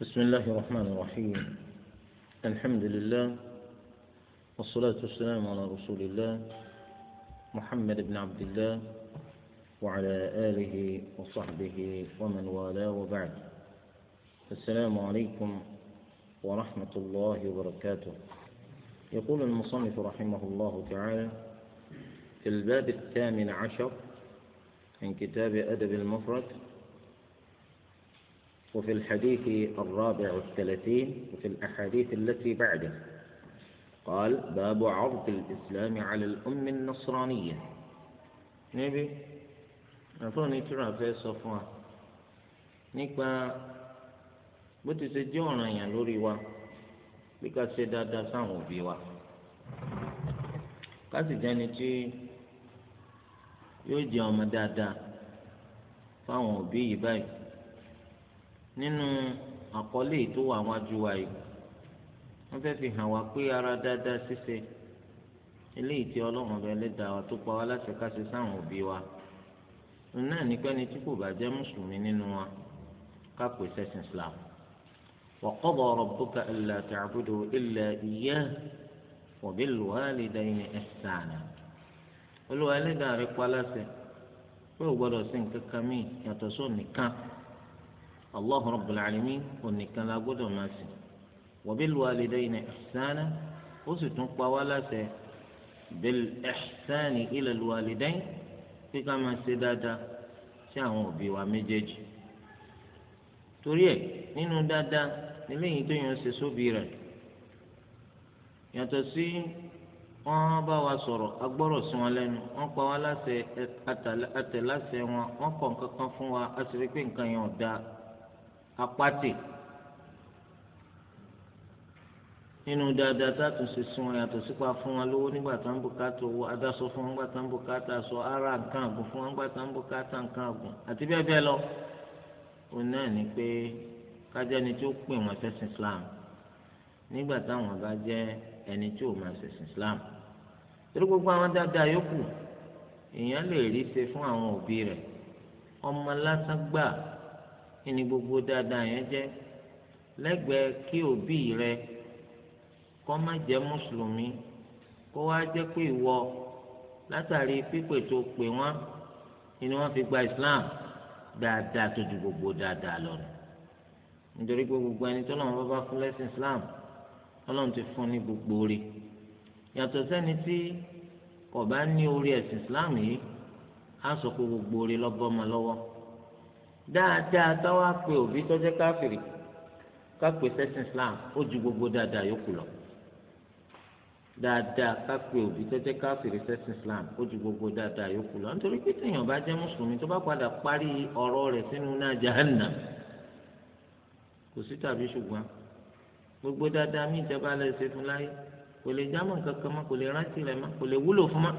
بسم الله الرحمن الرحيم الحمد لله والصلاة والسلام على رسول الله محمد بن عبد الله وعلى آله وصحبه ومن والاه وبعد السلام عليكم ورحمة الله وبركاته يقول المصنف رحمه الله تعالى في الباب الثامن عشر من كتاب أدب المفرد وفي الحديث الرابع والثلاثين وفي الأحاديث التي بعده قال باب عرض الإسلام على الأم النصرانية نبي أفوني ترى في صفوان نكبا بوتي سجونا يا لوري وا بيكا سيدا دا سانو بيوا كاسي جاني تي يوجي أما دادا فاهم بي باي nínú àkọlé tó wà wájú wa yìí wọ́n fẹ́ẹ́ fi hàn wá pé ara dáadáa ṣíṣe eléyìí tí Ọlọ́run ọbẹ Ẹlẹ́dàá wa tó pa wá láṣẹ sáwọn òbí wa òun náà ní tí kò bá wa ká pè Islam wa qada rabbuka alla ta'budu illa iyyahu wa bil walidayni da Olúwa Ẹlẹ́dàá rẹ̀ pa láṣẹ pé ò sí nǹkan kan sóun allah rabbul alamin onìkan la gbọ́dọ̀ máa sìn wa bil walidayni ihsana ó sì tún pa wá láṣẹ bil ihsani ila al walidayni pé ká máa ṣe dáadáa sí àwọn òbí wa méjèèjì torí ẹ̀ nínú dáadáa níléyìí tó yàn ṣe sóbì rẹ̀ yàtọ̀ sí wọ́n bá wa sọ̀rọ̀ agbọ́rọ̀ sí wọn lẹ́nu wọ́n pa wá láṣẹ àtẹ̀láṣẹ wọn wọ́n kọ̀ nǹkan kan fún wa a sì rí pé nǹkan yẹn ò dáa apáti nínú dáadáa tátù ṣe sun wọn yàtọ̀ sípa fún wọn lówó nígbà tá ń bùkátà owó adáṣọ fún wọn nígbà tá ń bùkátà aṣọ ara nǹkan àgùn fún wọn nígbà tá ń bùkátà nǹkan àgùn àti bẹ́ẹ̀ bẹ́ẹ̀ lọ. òun náà ni pé kájá ni tí ó pè wọn ṣẹ̀sìn Islam nígbà táwọn bá jẹ́ ẹni tí ò máa ṣẹ̀sìn Islam. torí gbogbo àwọn dáadáa yòókù èèyàn lè rí ṣe fún àwọn òbí rẹ̀ ọmọ lásán gbà ẹni gbogbo dáadáa yẹn jẹ́ lẹ́gbẹ̀ẹ́ kí òbí rẹ kọ́ má jẹ́ mùsùlùmí kó wá jẹ́ pé ìwọ látàrí pípè tó pè wọ́n ni wọ́n fi gba Islam dáadáa tó ju gbogbo dáadáa lọ nítorí pé gbogbo ẹni tó lọ́wọ́ bá fún lẹ́sìn Islam ọlọ́run ti fún ní gbogbo rẹ̀ yàtọ̀ sẹ́ni tí kò bá ní orí ẹ̀sìn Islam yìí á sọ pé gbogbo rẹ̀ lọ́bọ́ ọmọ lọ́wọ́ dáadáa táwa pe òbí tọ́jẹ́ káfìrí kápè sẹ́sìn islam ó ju gbogbo dáadáa yòókù lọ dáadáa kápẹ́ òbí tọ́jẹ́ káfíìrì sẹ́sìn islam ó ju gbogbo dáadáa yòókù lọ nítorí pé téèyàn bá jẹ́ mùsùlùmí tó bá padà parí ọ̀rọ̀ rẹ̀ sínú náà jahannam kò sí tàbí ṣùgbọ́n gbogbo dáadáa mí ìjọba lè ṣe fún láyé kò lè jámọ́ kankan mọ́ kò lè rántí rẹ̀ mọ́ kò lè wúlò fún mọ́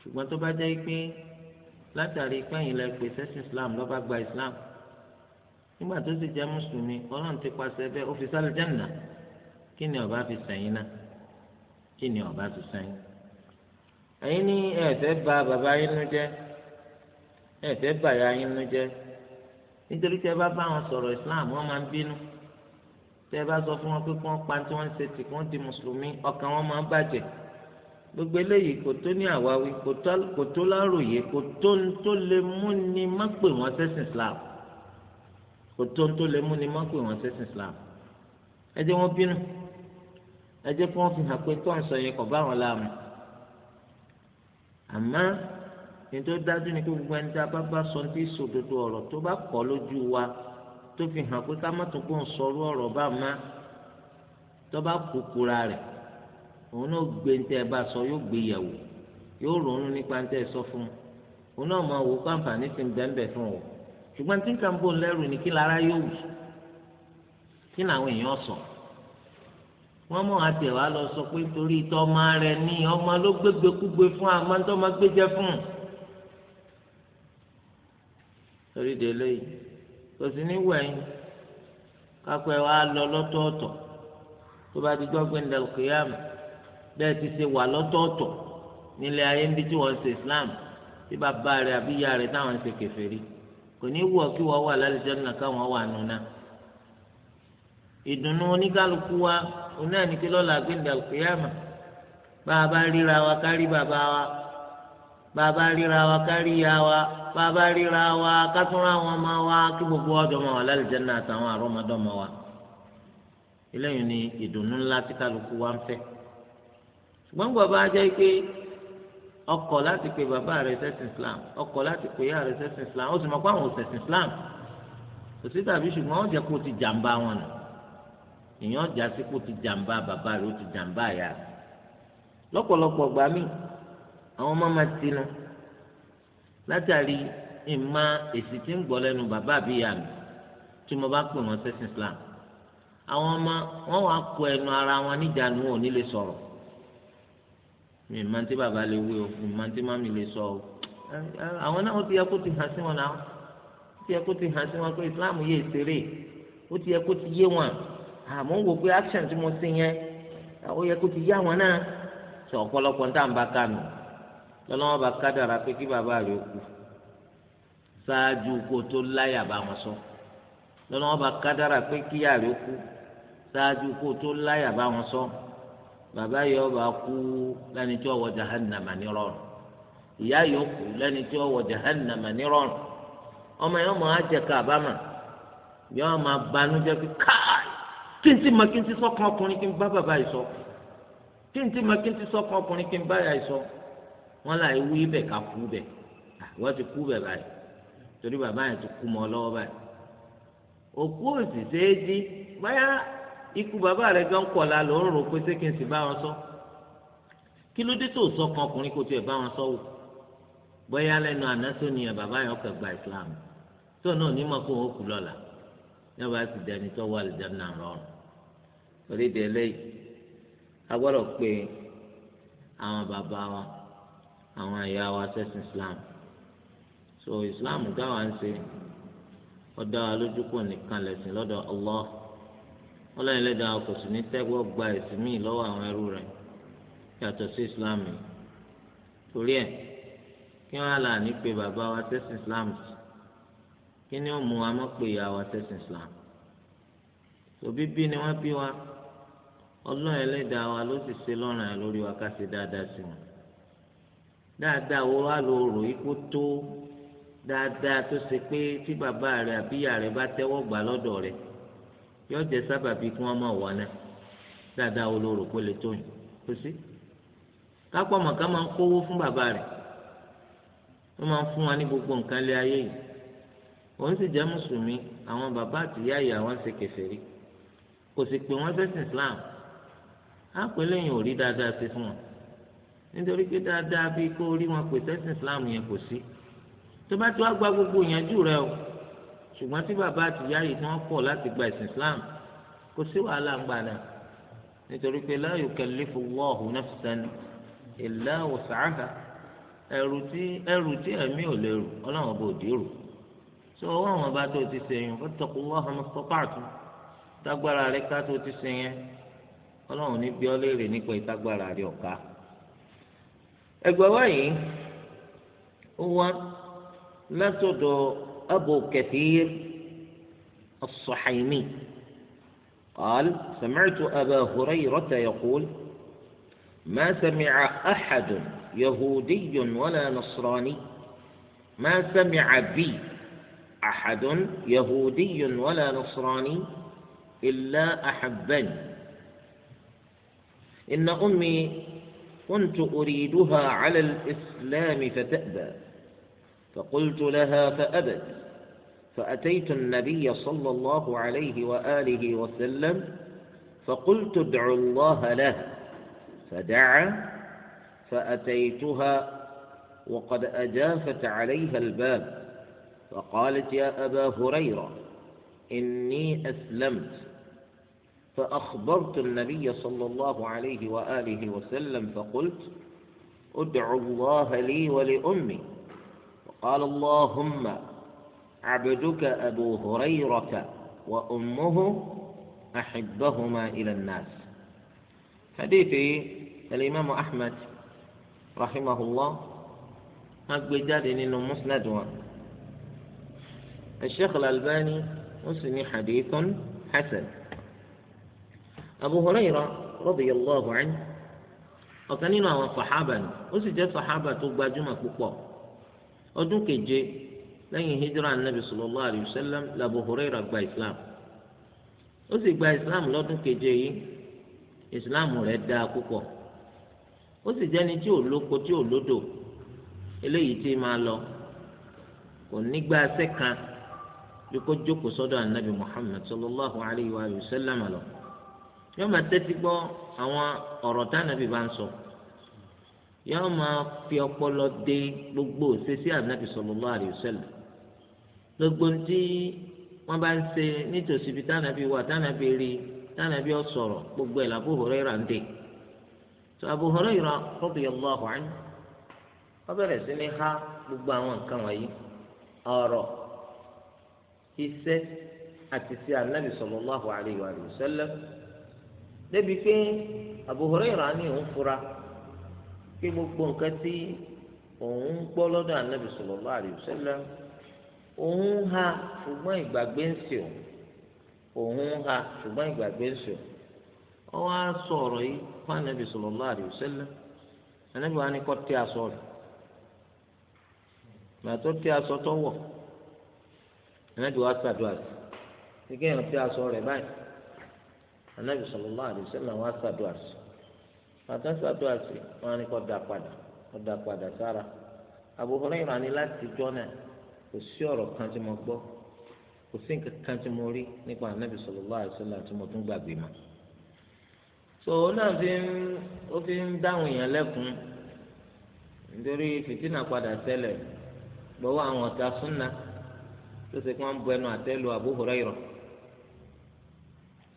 ṣùgbọ́n tó bá jẹ́ pé látàrí pẹ́yìn lẹ pè sẹ́sìn islam lọ́ba gba islam nígbà tó sì jẹ́ mùsùlùmí ọlọ́run ti pàṣẹ bẹ́ẹ̀ ó fi sálẹ jẹ́nà kí ni ọba fi sẹ́yìn náà kí ni ọba fi sẹ́yìn. ẹ̀yin ní ẹ̀fẹ́ bà bàbá yín nú jẹ́ ẹ̀fẹ́ bà ya yín nú jẹ́ nítorí tẹ́ bá bá wọn sọ̀rọ̀ islam wọ́n máa ń bínú tẹ́ bá sọ fún wọn pé kí wọ́n pa tí wọ́n ń ṣe tì kí wọ́n di mùsùlùmí ọkàn wọn máa ń bàjẹ́ gbogbo eléyìí kò tó ní àwáwí kò tó láròyé kò tó ń tó lè mú ni má pè wọ́n sẹ́sìn islam kò tó ń tó lè mú ni má pè wọ́n sẹ́sìn islam ẹ jẹ́ wọ́n bínú ẹ jẹ́ kí wọ́n fi hàn pé tó ń sọ yẹn kò bá wọn láàmú àmọ́ nítorí dájú ni pé gbogbo ẹni tá a bá bá sọ ní sòdodo ọ̀rọ̀ tó bá kọ́ lójú wa tó fi hàn pé ká má tó kó ń sọ ọ̀rọ̀ bá má tó bá kúkúra rẹ̀ òun náà gbé ní tẹ́ ẹ bá sọ yóò gbé yẹ̀wò yóò ronú nípa ní tẹ́ ẹ sọ fún un òun náà máa wò káǹfààní ti ń bẹ́ẹ̀ fún ọ ṣùgbọ́n tí nǹkan bò ń lẹ́rù ni kí lára yóò wù kí làwọn èèyàn sọ wọ́n mọ̀ àti ẹ̀wà lọ sọ pé torí ìtọ́ ọmọ rẹ̀ ní ọmọ ló gbégbé kúgbe fún àmọ́ tó máa gbé jẹ́ fún torí délé yìí kò sí ní wẹ̀yìn kápẹ́ wa lọ lọ́tọ̀ọ̀tọ̀ tó bá ti gbọ́ pé ń dàlùkìyàmù bẹ́ẹ̀ ti ṣe wà lọ́tọ̀ọ̀tọ̀ nílé ayé ń bí tí wọ́n ṣe islam tí bàbá rẹ̀ àbí ìyá rẹ̀ táwọn ṣe kèfèrí kò ní wù ọ́ kí wọ́n wà lálùjánnà káwọn wà nùnà. ìdùnnú oníkálukú wa oní àníkí lọ́la gbẹ̀ndà kìyàmà bàbá ríra wa kárí bàbá wa bàbá ríra wa kárí ya wa bàbá ríra wa kátúrà wọn ma wa kí gbogbo ọdọ ma wà lálùjánnà àtàwọn àrọmọdọmọ wa. eléyìí ni ìdùnnú ńlá tí kálukú wa ń fẹ́ ṣùgbọ́n gbọ́ bá jẹ́ pé ọkọ̀ láti pe bàbá rẹ̀ sẹ́sìn Islam ọkọ̀ láti pe ìyá rẹ̀ sẹ́sìn Islam ó sì mọ̀ pé àwọn òṣèṣin Islam kò sí tàbí ṣùgbọ́n ó jẹ́ kó ti jàǹbá wọn nù èèyàn jà sí kó ti jàǹbá bàbá rẹ̀ ó ti jàǹbá ìyá rẹ̀ lọ́pọ̀lọpọ̀ gbà mí àwọn ọmọ máa tinú látàrí ìmọ̀ èsì tí ń gbọ́ lẹ́nu bàbá àbí ìyá mi tí mo bá pè wọ́n sẹ́sìn Islam àwọn ọmọ wọn wàá kó ẹnu ara mi ì máa ń tí bàbá lè wé o mi ì máa ń tí mọ́mí lè sọ o àwọn náà ó ti yẹ kó ti hàn sí wọn náà ó ti yẹ kó ti hàn sí wọn pé Islam yé ìṣeré ó ti yẹ kó ti yé wọn àmọ́ wò pé action tí mo ṣe yẹn ó yẹ kó ti yá wọn náà sọ ọ̀pọ̀lọpọ̀ ní tàǹbà kánú lọ́lọ́wọ́ bá kádàrà pé kí bàbá rẹ̀ kú ṣáájú kó tó láyà bá wọn sọ lọ́lọ́wọ́ bá kádàrà pé kíyà rẹ̀ kú ṣáájú kó tó láyà bá wọn sọ. So bàbá yìí ọba kú lẹ́ni tí ọwọ́ jahannama ní rọrùn ìyá yìí kú lẹ́ni tí ọwọ́ jahannama ní rọrùn ọmọ yìí ọmọ ajẹka àbámà yìí ọmọ abanújẹ́ pé káì kí n ti mọ kí n ti sọkàn ọkùnrin kí n bá bàbá yìí sọ kí n ti mọ kí n ti sọkàn ọkùnrin kí n bá yà sọ wọn là ewu ibẹ̀ ká kú bẹ̀ wọ́n ti kú bẹ̀ báyìí torí bàbá yẹn ti kú mọ lọwọ báyìí òkú òsì ṣeé dí báyà ikú bàbá rẹ̀ gan kọ̀la ló ń rò pé ṣé kí n sì bá wọn sọ kí ló dé tó sọ kan ọkùnrin kò tiẹ̀ bá wọn sọ wò bóyá lẹ́nu àná tó nìyẹn bàbá yẹn ọkọ̀ gba Islam tó náà onímọ̀ kó wọn kú lọ́la yọba ti dẹni tó wà lè dẹni náà rọrùn torí de eléyìí a gbọ́dọ̀ pé àwọn bàbá wa àwọn ìyá wa sẹ́sìn Islam so Islam dáwà ń ṣe ọ̀dọ́ alójúkò nìkan lẹ̀sìn lọ́dọ̀ Allah ọlọ́run ẹlẹ́dàá àwọn kò sì ní tẹ́gbọ́ gba ẹ̀sìn míì lọ́wọ́ àwọn ẹrú rẹ̀ yàtọ̀ sí islam yìí torí ẹ̀ kí wọ́n á là ní pé bàbá wa tẹ́sìn islam kí ni ó mú wa mọ́ pé ìyá wa tẹ́sìn islam tòbí bí ni wọ́n bí wa ọlọ́run ẹlẹ́dàá wa ló sì ṣe lọ́rùn ẹ̀ lórí wa ká ṣe dáadáa sí wọn dáadáa wo wá lo rò yí tó dáadáa tó ṣe pé tí bàbá rẹ̀ àbíyá rẹ̀ bá tẹ́wọ́ gbà lọ́dọ̀ rẹ̀ yóò jẹ sábàbí kí wọn máa wọ náà dáadáa olóró kó lè tóyìn kó sí kápọ̀ mọ̀ká máa ń kówó fún bàbá rẹ̀ wọ́n máa ń fún wa ní gbogbo nǹkan lé ayé yìí òun sì jẹ́ mùsùlùmí àwọn bàbá àtìyá yìí àwọn ṣe kèfèrí kò sì pé wọ́n ṣẹ̀sìn Islam á pè lẹ́yìn òrí dáadáa ṣe fún wọn nítorí pé dáadáa bíi kó rí wọn pè ṣẹ̀sìn Islam yẹn kò sí tó bá tó wá gba gbogbo ìyànjú rẹ o ṣùgbọ́n tí bàbá àtìyá yìí tí wọ́n kọ̀ láti gba ìsìn Islam kò sí wàhálà ń gbà náà nítorí pé la yukallifu Allahu nafsan illa wus'aha ẹrù tí ẹrù tí ẹ̀mí ò lè rù ọlọ́run bò dé rù tó ọwọ́ àwọn bá tó ti ṣe yẹn fattaqullaha mastata'tu tágbára rẹ ká tó ti ṣe yẹn ọlọ́run ní bí ọ léèrè nípa ìtagbára rẹ ọ̀ka ẹgbẹ́ wáyé ó látọ̀dọ̀. أبو كثير الصحيمي قال سمعت أبا هريرة يقول ما سمع أحد يهودي ولا نصراني ما سمع بي أحد يهودي ولا نصراني إلا أحبني إن أمي كنت أريدها على الإسلام فتأبى فقلت لها فأبت فأتيت النبي صلى الله عليه وآله وسلم فقلت ادعوا الله له فدعا فأتيتها وقد أجافت عليها الباب فقالت يا أبا هريرة إني أسلمت فأخبرت النبي صلى الله عليه وآله وسلم فقلت ادعوا الله لي ولأمي وقال اللهم عبدك أبو هريرة وأمه أحبهما إلى الناس حديث الإمام أحمد رحمه الله أقبل إنه مسند الشيخ الألباني مسلم حديث حسن أبو هريرة رضي الله عنه ọ̀kan nínú àwọn sàhábà ni ó sì jẹ́ sàhábà tó gbajúmọ̀ púpọ̀ ọdún keje lẹ́yìn hijra anabi sallallahu alayhi wa sallam gba islam ó sì gba islam lọ́dún keje yìí islam rẹ̀ dáa púpọ̀ ó sì jẹ́ni tí ò lóko tí ò lódò eléyìí tí máa lọ kò nígbà sẹ́kàn bí kò jókòó sọ́dọ̀ anabi muhammed sallallahu alayhi wa lọ yóò máa tẹ́tí gbọ́ àwọn ọ̀rọ̀ tá anabi bá ń sọ yóò máa fi ọpọlọ dé gbogbo òṣèṣì anabi gbogbo ntí wọn bá ń ṣe nítòsí ibi tánàbí wà tánàbí rí tánàbí ọsọrọ gbogbo ẹ làbó Hurairah ń dè tó Abu Hurairah radiyallahu anhu wọn bẹ̀rẹ̀ sí ní há gbogbo àwọn nǹkan wọ̀nyí ọ̀rọ̀ iṣẹ́ àti sí anabi sallallahu alayhi wa sallam débi pé Abu Hurairah ní òun fura pé gbogbo nǹkan tí òun gbọ́ lọ́dọ̀ anabi sallallahu alayhi wa sallam. òun ha ṣùgbọ́n ìgbàgbé ń sè òun ha ṣùgbọ́n ìgbàgbé ń sè ó wá sọ ọ̀rọ̀ yìí fún anabi sallallahu alaihi wasallam anabi wa ni kọ́ tí a sọ rẹ̀ màtó tí a sọ tó wọ̀ anabi wa ṣàdúrà sí ike yẹn tí a sọ rẹ̀ báyìí anabi sí ṣàdúrà sí wọn ni da padà padà sára ni láti kò sí ọ̀rọ̀ kan tí mo gbọ́ kò sí nǹkan kan tí mo rí nípa tí mo tún gbàgbé mọ́ so náà fi ń ó fi ń dáhùn èèyàn lẹ́kùn nítorí fìtínà padà ṣẹlẹ̀ gbọ́wọ́ àwọn ọ̀tá súnna tó ṣe kí wọ́n bu ẹnu àtẹ́ lu Abu Hurairah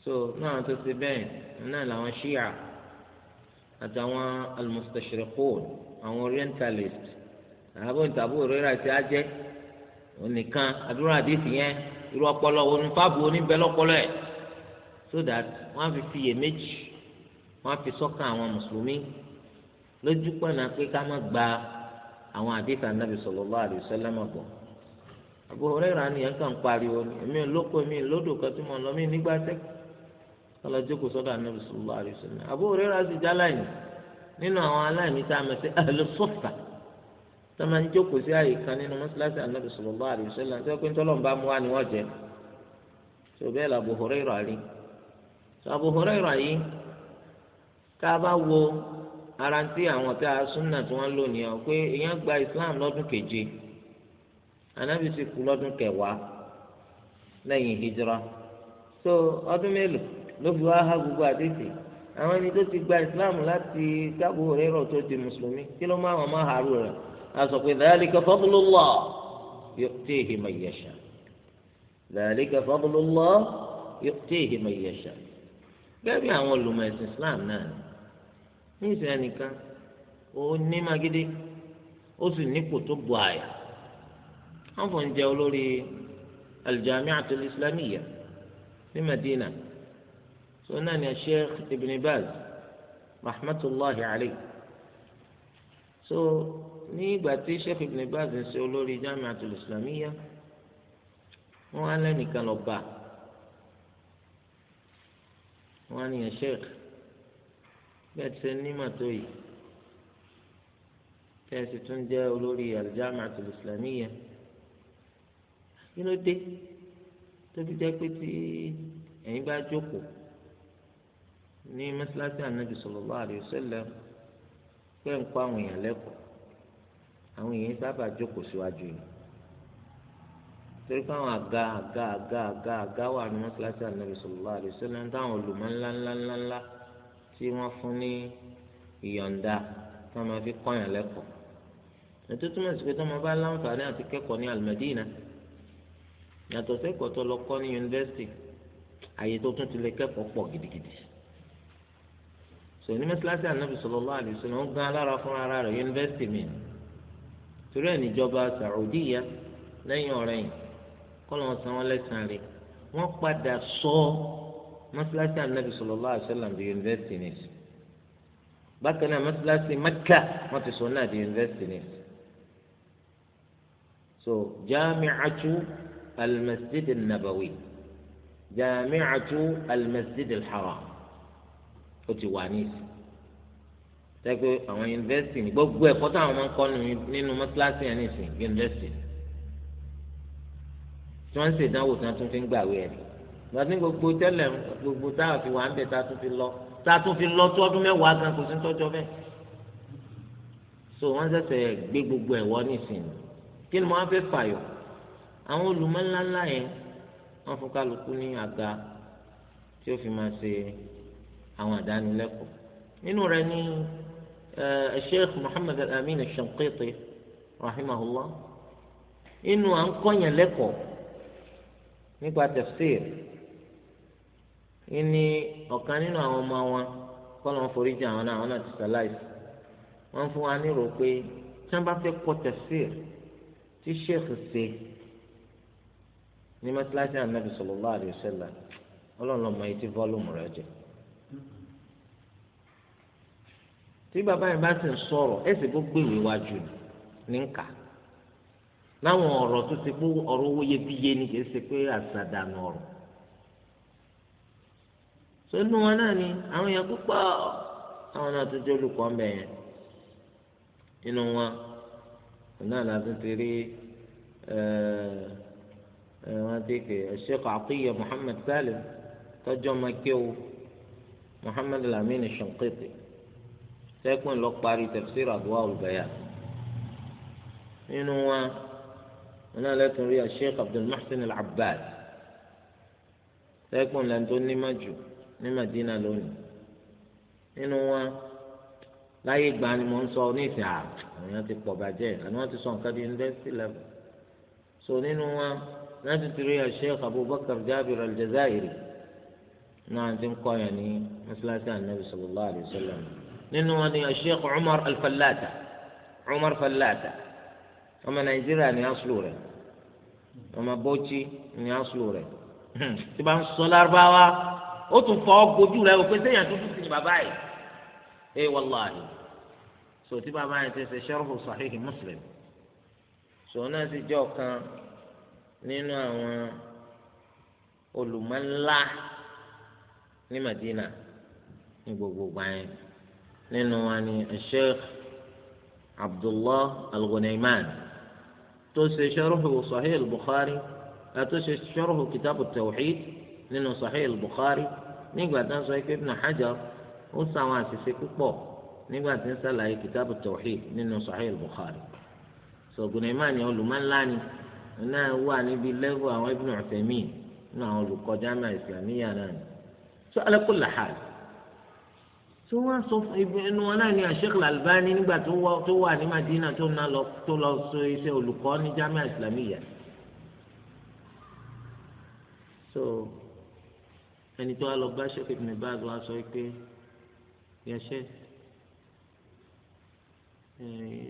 so náà tó ṣe bẹ́ẹ̀ náà làwọn ṣíà àtàwọn àwọn orientalist onìkan àdúrà àdìsí yẹn irú ọpọlọ onú fáàbù oníbẹ lọpọlọ ẹ so that wọn fi fi iyèméjì wọn fi sọ́kàn àwọn mùsùlùmí lójú pọnà pé ká má gba àwọn àdìsí ànábì sallallahu alaihi wasallam gbọ Abu Hurairah nìyẹn kàn pariwo ni èmi ń lóko èmi ń lódò kan tí mo lọ mí nígbà tẹkọ tọ́lá jókòó sọ́dọ̀ anabi sallallahu alaihi wasallam Abu Hurairah sì jẹ́ aláìní nínú àwọn aláìní tá a mọ̀ sí ahlus tọ́mọ ní jókòó sí àyè kan nínú mọ́sálásí ànábì sallallahu alaihi wasallam tó pé tọ́lọ́run bá mú wá ni wọ́n jẹ tó bẹ́ẹ̀ la Abu Hurairah rí tó Abu Hurairah yìí tá a bá wo ara tí àwọn tá a súnà tí wọ́n lò nìyẹn pé èèyàn gba Islam lọ́dún keje ànábì sì kú lọ́dún kẹwàá lẹ́yìn hijra tó ọdún mélòó ló fi wá há gbogbo àdéhìí àwọn ẹni tó ti gba Islam láti Abu Hurairah tó di mùsùlùmí kí ló má wọn má hàrú rẹ̀ a sọ pé dhalika fadlullah yu'tihi man yasha dhalika fadlullah yu'tihi man yasha gẹ́gẹ́ bí àwọn olùmọ̀ ẹ̀sìn Islam náà ní ìsìn ẹnìkan ó ní magídí ó sì nípò tó bu àyà wọn fò ń jẹ olórí al-Jami'atul Islamiyya ní Madina sọ náà ni Sheikh Ibn Baz rahmatullahi alayhi so ní ìgbà tí sheikh ibn baz ń ṣe olórí jamiatul islamiyya wọn á lẹ́nìkan lọ bá wọn á nìyẹn sheikh bẹ́ẹ̀ ti ṣe nímọ̀ tó yìí tẹ́sí tún jẹ́ olórí aljamiatul islamiyya kí ló dé tóbi jẹ́ pé tí ẹ̀yin bá jókòó ní mọ́sálásí ànábì sallallahu alaihi wasallam pé ń kọ́ àwọn èèyàn lẹ́kọ̀ọ́ àwọn èèyàn sábà jókòó síwájú yìí torí pé àwọn àga àga àga àga àga wà ní mọ́sálásí ànábì sallallahu alaihi wasallam táwọn olùmọ̀ ńlá ńlá ńlá ńlá tí wọ́n fún ní ìyọ̀ǹda tí wọ́n máa fi kọ́yàn lẹ́kọ̀ọ́ ètò túmọ̀ sí pé tí wọ́n bá láǹfààní àti kẹ́kọ̀ọ́ ní Al-Madina yàtọ̀ sẹ́kọ̀ọ́ tó lọ kọ́ ní yunifásitì àyè tó tún ti lè kẹ́kọ̀ọ́ pọ̀ gidigidi sọ ní mọ́sálásí ànábì sallallahu alaihi wasallam ó gán alára fún ara rẹ̀ yunifásitì mìíràn torí ẹ̀ níjọba Saudiya lẹ́yìn ọ̀rẹ́ yìí kọ́lọ́ wọn san wọn lẹ́sàn-án rẹ̀ wọ́n padà sọ mọ́sálásí anabi sallallahu alaihi wasallam di yunifásitì ní bákan náà mọ́sálásí Mẹ́kà wọ́n ti sọ náà di yunifásitì ní ìsìn so jamiatu almasjid nabawi jamiatu almasjid alharam ó ti wà ní ìsìn tẹ́gbẹ́ àwọn yunifásitì ní gbogbo ẹ̀kọ́ táwọn máa ń kọ́ nínú mọ́tíláṣí yẹn nìsín yunifásitì tí wọ́n ń ṣèdánwò tí wọ́n tún fi ń gbàwé ẹ̀ gbàdí gbogbo tẹ́lẹ̀ gbogbo táwọn fi wà ń bẹ̀ tá a tún fi lọ tá a tún fi lọ tó ọdún mẹ́wàá gan kò sí ń tọ́jọ́ bẹ́ẹ̀ so wọ́n ṣẹ̀ṣẹ̀ gbé gbogbo ẹ̀ wọ́ nìsín kí ni wọ́n fẹ́ fàyọ̀ àwọn olùmọ̀láńlá yẹn wọ́n fún kálukú ní àga tí ó fi máa ṣe àwọn àdánilẹ́kọ̀ọ́ nínú rẹ̀ ní الشيخ محمد الأمين الشنقيطي رحمه الله إنه أنقني لكم nípa tafsir ìní ọ̀kan nínú àwọn ọmọ wọn kọ́lọ̀ ń forí jẹ àwọn náà àwọn náà ti sàláìsì wọ́n fún wa nírò pé tí wọ́n sheikh sallallahu alaihi wasallam tí bàbá yẹn bá sì ń sọ̀rọ̀ ẹ̀sìn tó gbèwé wájú ní ń kà láwọn ọ̀rọ̀ tó ti pé ọ̀rọ̀ owó iyebíye ni kì í ṣe pé àṣàdànù ọ̀rọ̀ sónú wọn náà ni àwọn èèyàn púpọ̀ àwọn náà tó jẹ́ olùkọ́ ńbẹ yẹn nínú wọn náà la ti rí wọn ti kè Sheikh Atiyya Muhammad Salim tọ́jọ́ máa kéwu Muhammad al sẹ́kùn lọ parí tafsir Adwaa'ul Bayan nínú wa wọn náà lẹ́tùn rí Sheikh Abdul Muhsin Al-Abbad sẹ́kùn lẹ́ńtọ́ nímàjù ní Madina lónìí nínú wa láyé ìgbà ni mo ń sọ oníṣẹ́ àwọn èèyàn ti pọ̀ bàjẹ́ àni wọ́n ti sọ nǹkan di university level so nínú wa láti ti rí Sheikh Abubakar Jabir Al-Jazairi náà ti ń kọ́ yẹn ní mọ́sálásí Ànábì nínú wọn ni Sheikh Umar al-Fallata Umar Fallata ọmọ Nàìjíríà ní aslu rẹ̀ ọmọ Bauchi ní aslu rẹ̀ hmm. tí bá ń sọ lárúbáwá ó tún fọ ọgbójú rẹ̀ òpin sẹ́yìn àtúntò sí ni bàbá yìí ẹ wàláhì so tí bàbá yẹn ti ṣe sharhu sahihi Muslim so náà sì jẹ́ ọ̀kan nínú àwọn olùmọ̀ńlá ní Madina ní gbogbo gbàyẹn nínú wa ni sheikh abdullah al-ghunayman tó ṣe sharhu sahih al-bukhari àti ṣe sharhu kitab tawhid nínú sahih al-bukhari nígbà tó ń sọ pé ibn hajar ó sàwọn àṣìṣe púpọ̀ nígbà tí ń sàlàyé kitab tawhid nínú sahih al-bukhari sọ̀gùnà ìmáàní olùmọ̀láni náà wà níbi lẹ́gùn àwọn ibn Uthaymeen nínú olùkọ́ jámà ìsìlámíyà náà ni. sọ ala kulli hal tí wọ́n sọ ẹnu wọn náà ní Sheikh Al-Albani nígbà tó wà ní Madina tó ná lọ tó lọ sọ iṣẹ́ olùkọ́ ní Jami'a Islamiyya so ẹni tó wà lọ bá Sheikh Ibn Baz wá sọ pé yẹ Sheikh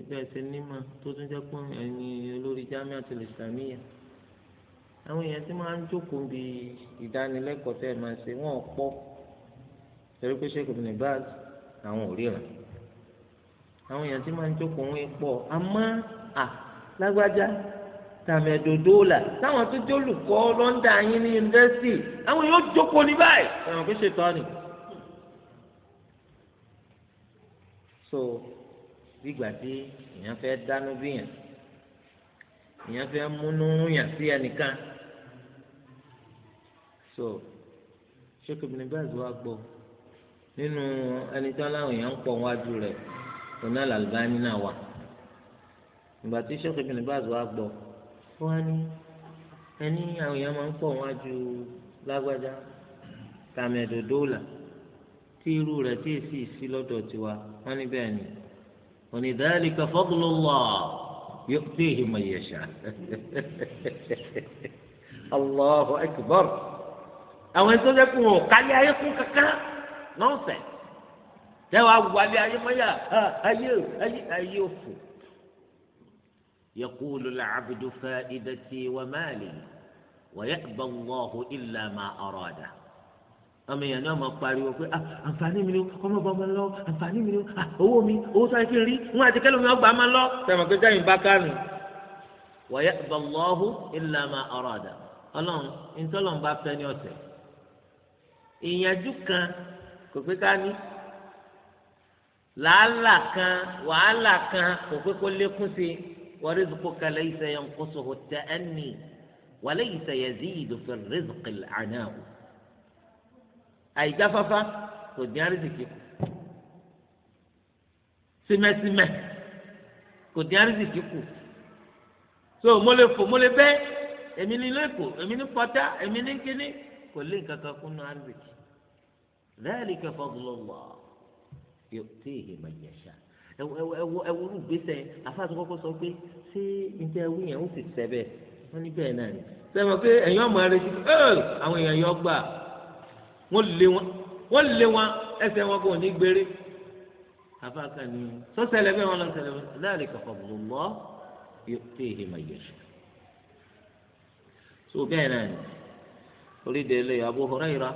bẹ́ẹ̀ ṣe nímọ̀ tó tún jẹ́ pé ẹ̀yin olórí Jami'atul Islamiyya àwọn èèyàn tí máa ń jókòó bí ìdánilẹ́kọ̀ọ́ tẹ̀ máa ṣe wọ́n pọ̀ torí pé sheikh ibn baz àwọn ò ríran àwọn èèyàn tí máa ń jókòó wọn pọ̀ àmọ́ à lágbájá tàmẹ̀dòdó là táwọn tó jólùkọ́ lọ́ńdà yín ní yunifásitì àwọn yóò jókòó ní báyìí ẹ̀wọ̀n pé ṣètọ́ ni. so gbígbà tí èèyàn fẹ́ dánú bíyàn èèyàn fẹ́ múnú yàn sí ẹnìkan so ṣé kò ní bá zọ àgbọ̀. nínú ẹni tí aláwọ̀ èèyàn ń pọ̀ wájú rẹ̀ ọ̀nà làlùbáni náà wà ìgbà tí sọ́kè bìnnì bá zọ àgbọ̀ ó wá ní ẹni àwọn èèyàn máa ń pọ̀ wájú lágbájá tí irú rẹ̀ tí èsì sí lọ́dọ̀ tiwa wọ́n ní bẹ́ẹ̀ ni òní dhalika fadlullah yu'tihi man yasha Allahu akbar àwọn ẹni tó jẹ́ ayé nonsense tẹ wàá wálé ayé mọ́yà ayé ayé ayé òfò yaqulu al-abdu fa'idati wa mali wa ya'ba Allahu illa ma arada ọmọ èèyàn ní ọmọ pariwo pé ah, àǹfààní mi ni ọmọ ọba ọmọ lọ àǹfààní mi ni ah, owó mi owó tó yẹ kí n rí wọn àti kẹlẹ omi ọgbà máa lọ. sọ̀rọ̀ pé sẹ́yìn bá kánú. wa ya'ba Allahu illa ma arada ọlọ́run ntọ́lọ́run fẹ́ ní ọ̀sẹ̀ ìyànjú kan kò pé ká ní làálà kan wàhálà kan kò pé kó lékún sí warizquka laysa yanqusuhu at-ta'anni wa laysa yazidu fi ar-rizqi al-'anaa àìjáfáfá kò dín àrísìkì kù símẹ́símẹ́ kò dín àrísìkì kù so mo lè fò mo lè bẹ́ èmi ní lẹ́kọ̀ọ́ èmi ní pọ́tà èmi kíní kò lé nǹkan kan kún ní àrísìkì. ذلك فضل الله يؤتيه من يشاء ẹwúrú gbèsè afáàtú kọ́kọ́ sọ pé ṣé njẹ ewu yẹn ó sì sẹbẹ wọn ní bẹ́ẹ̀ náà ni sẹmọ pé ẹ̀yin ọmọ rẹ ti ẹ àwọn èèyàn yọ gbà wọn lé wọn wọn lé wọn ẹsẹ̀ wọn kò ní gbére afáàkà ni sọsẹlẹ bẹ́ẹ̀ wọn lọ sẹlẹ bẹ́ẹ̀ láàrin kọkọ bùrù mọ tí èyí mà yẹ sùn bẹ́ẹ̀ náà ni orí de lè Abu Hurairah.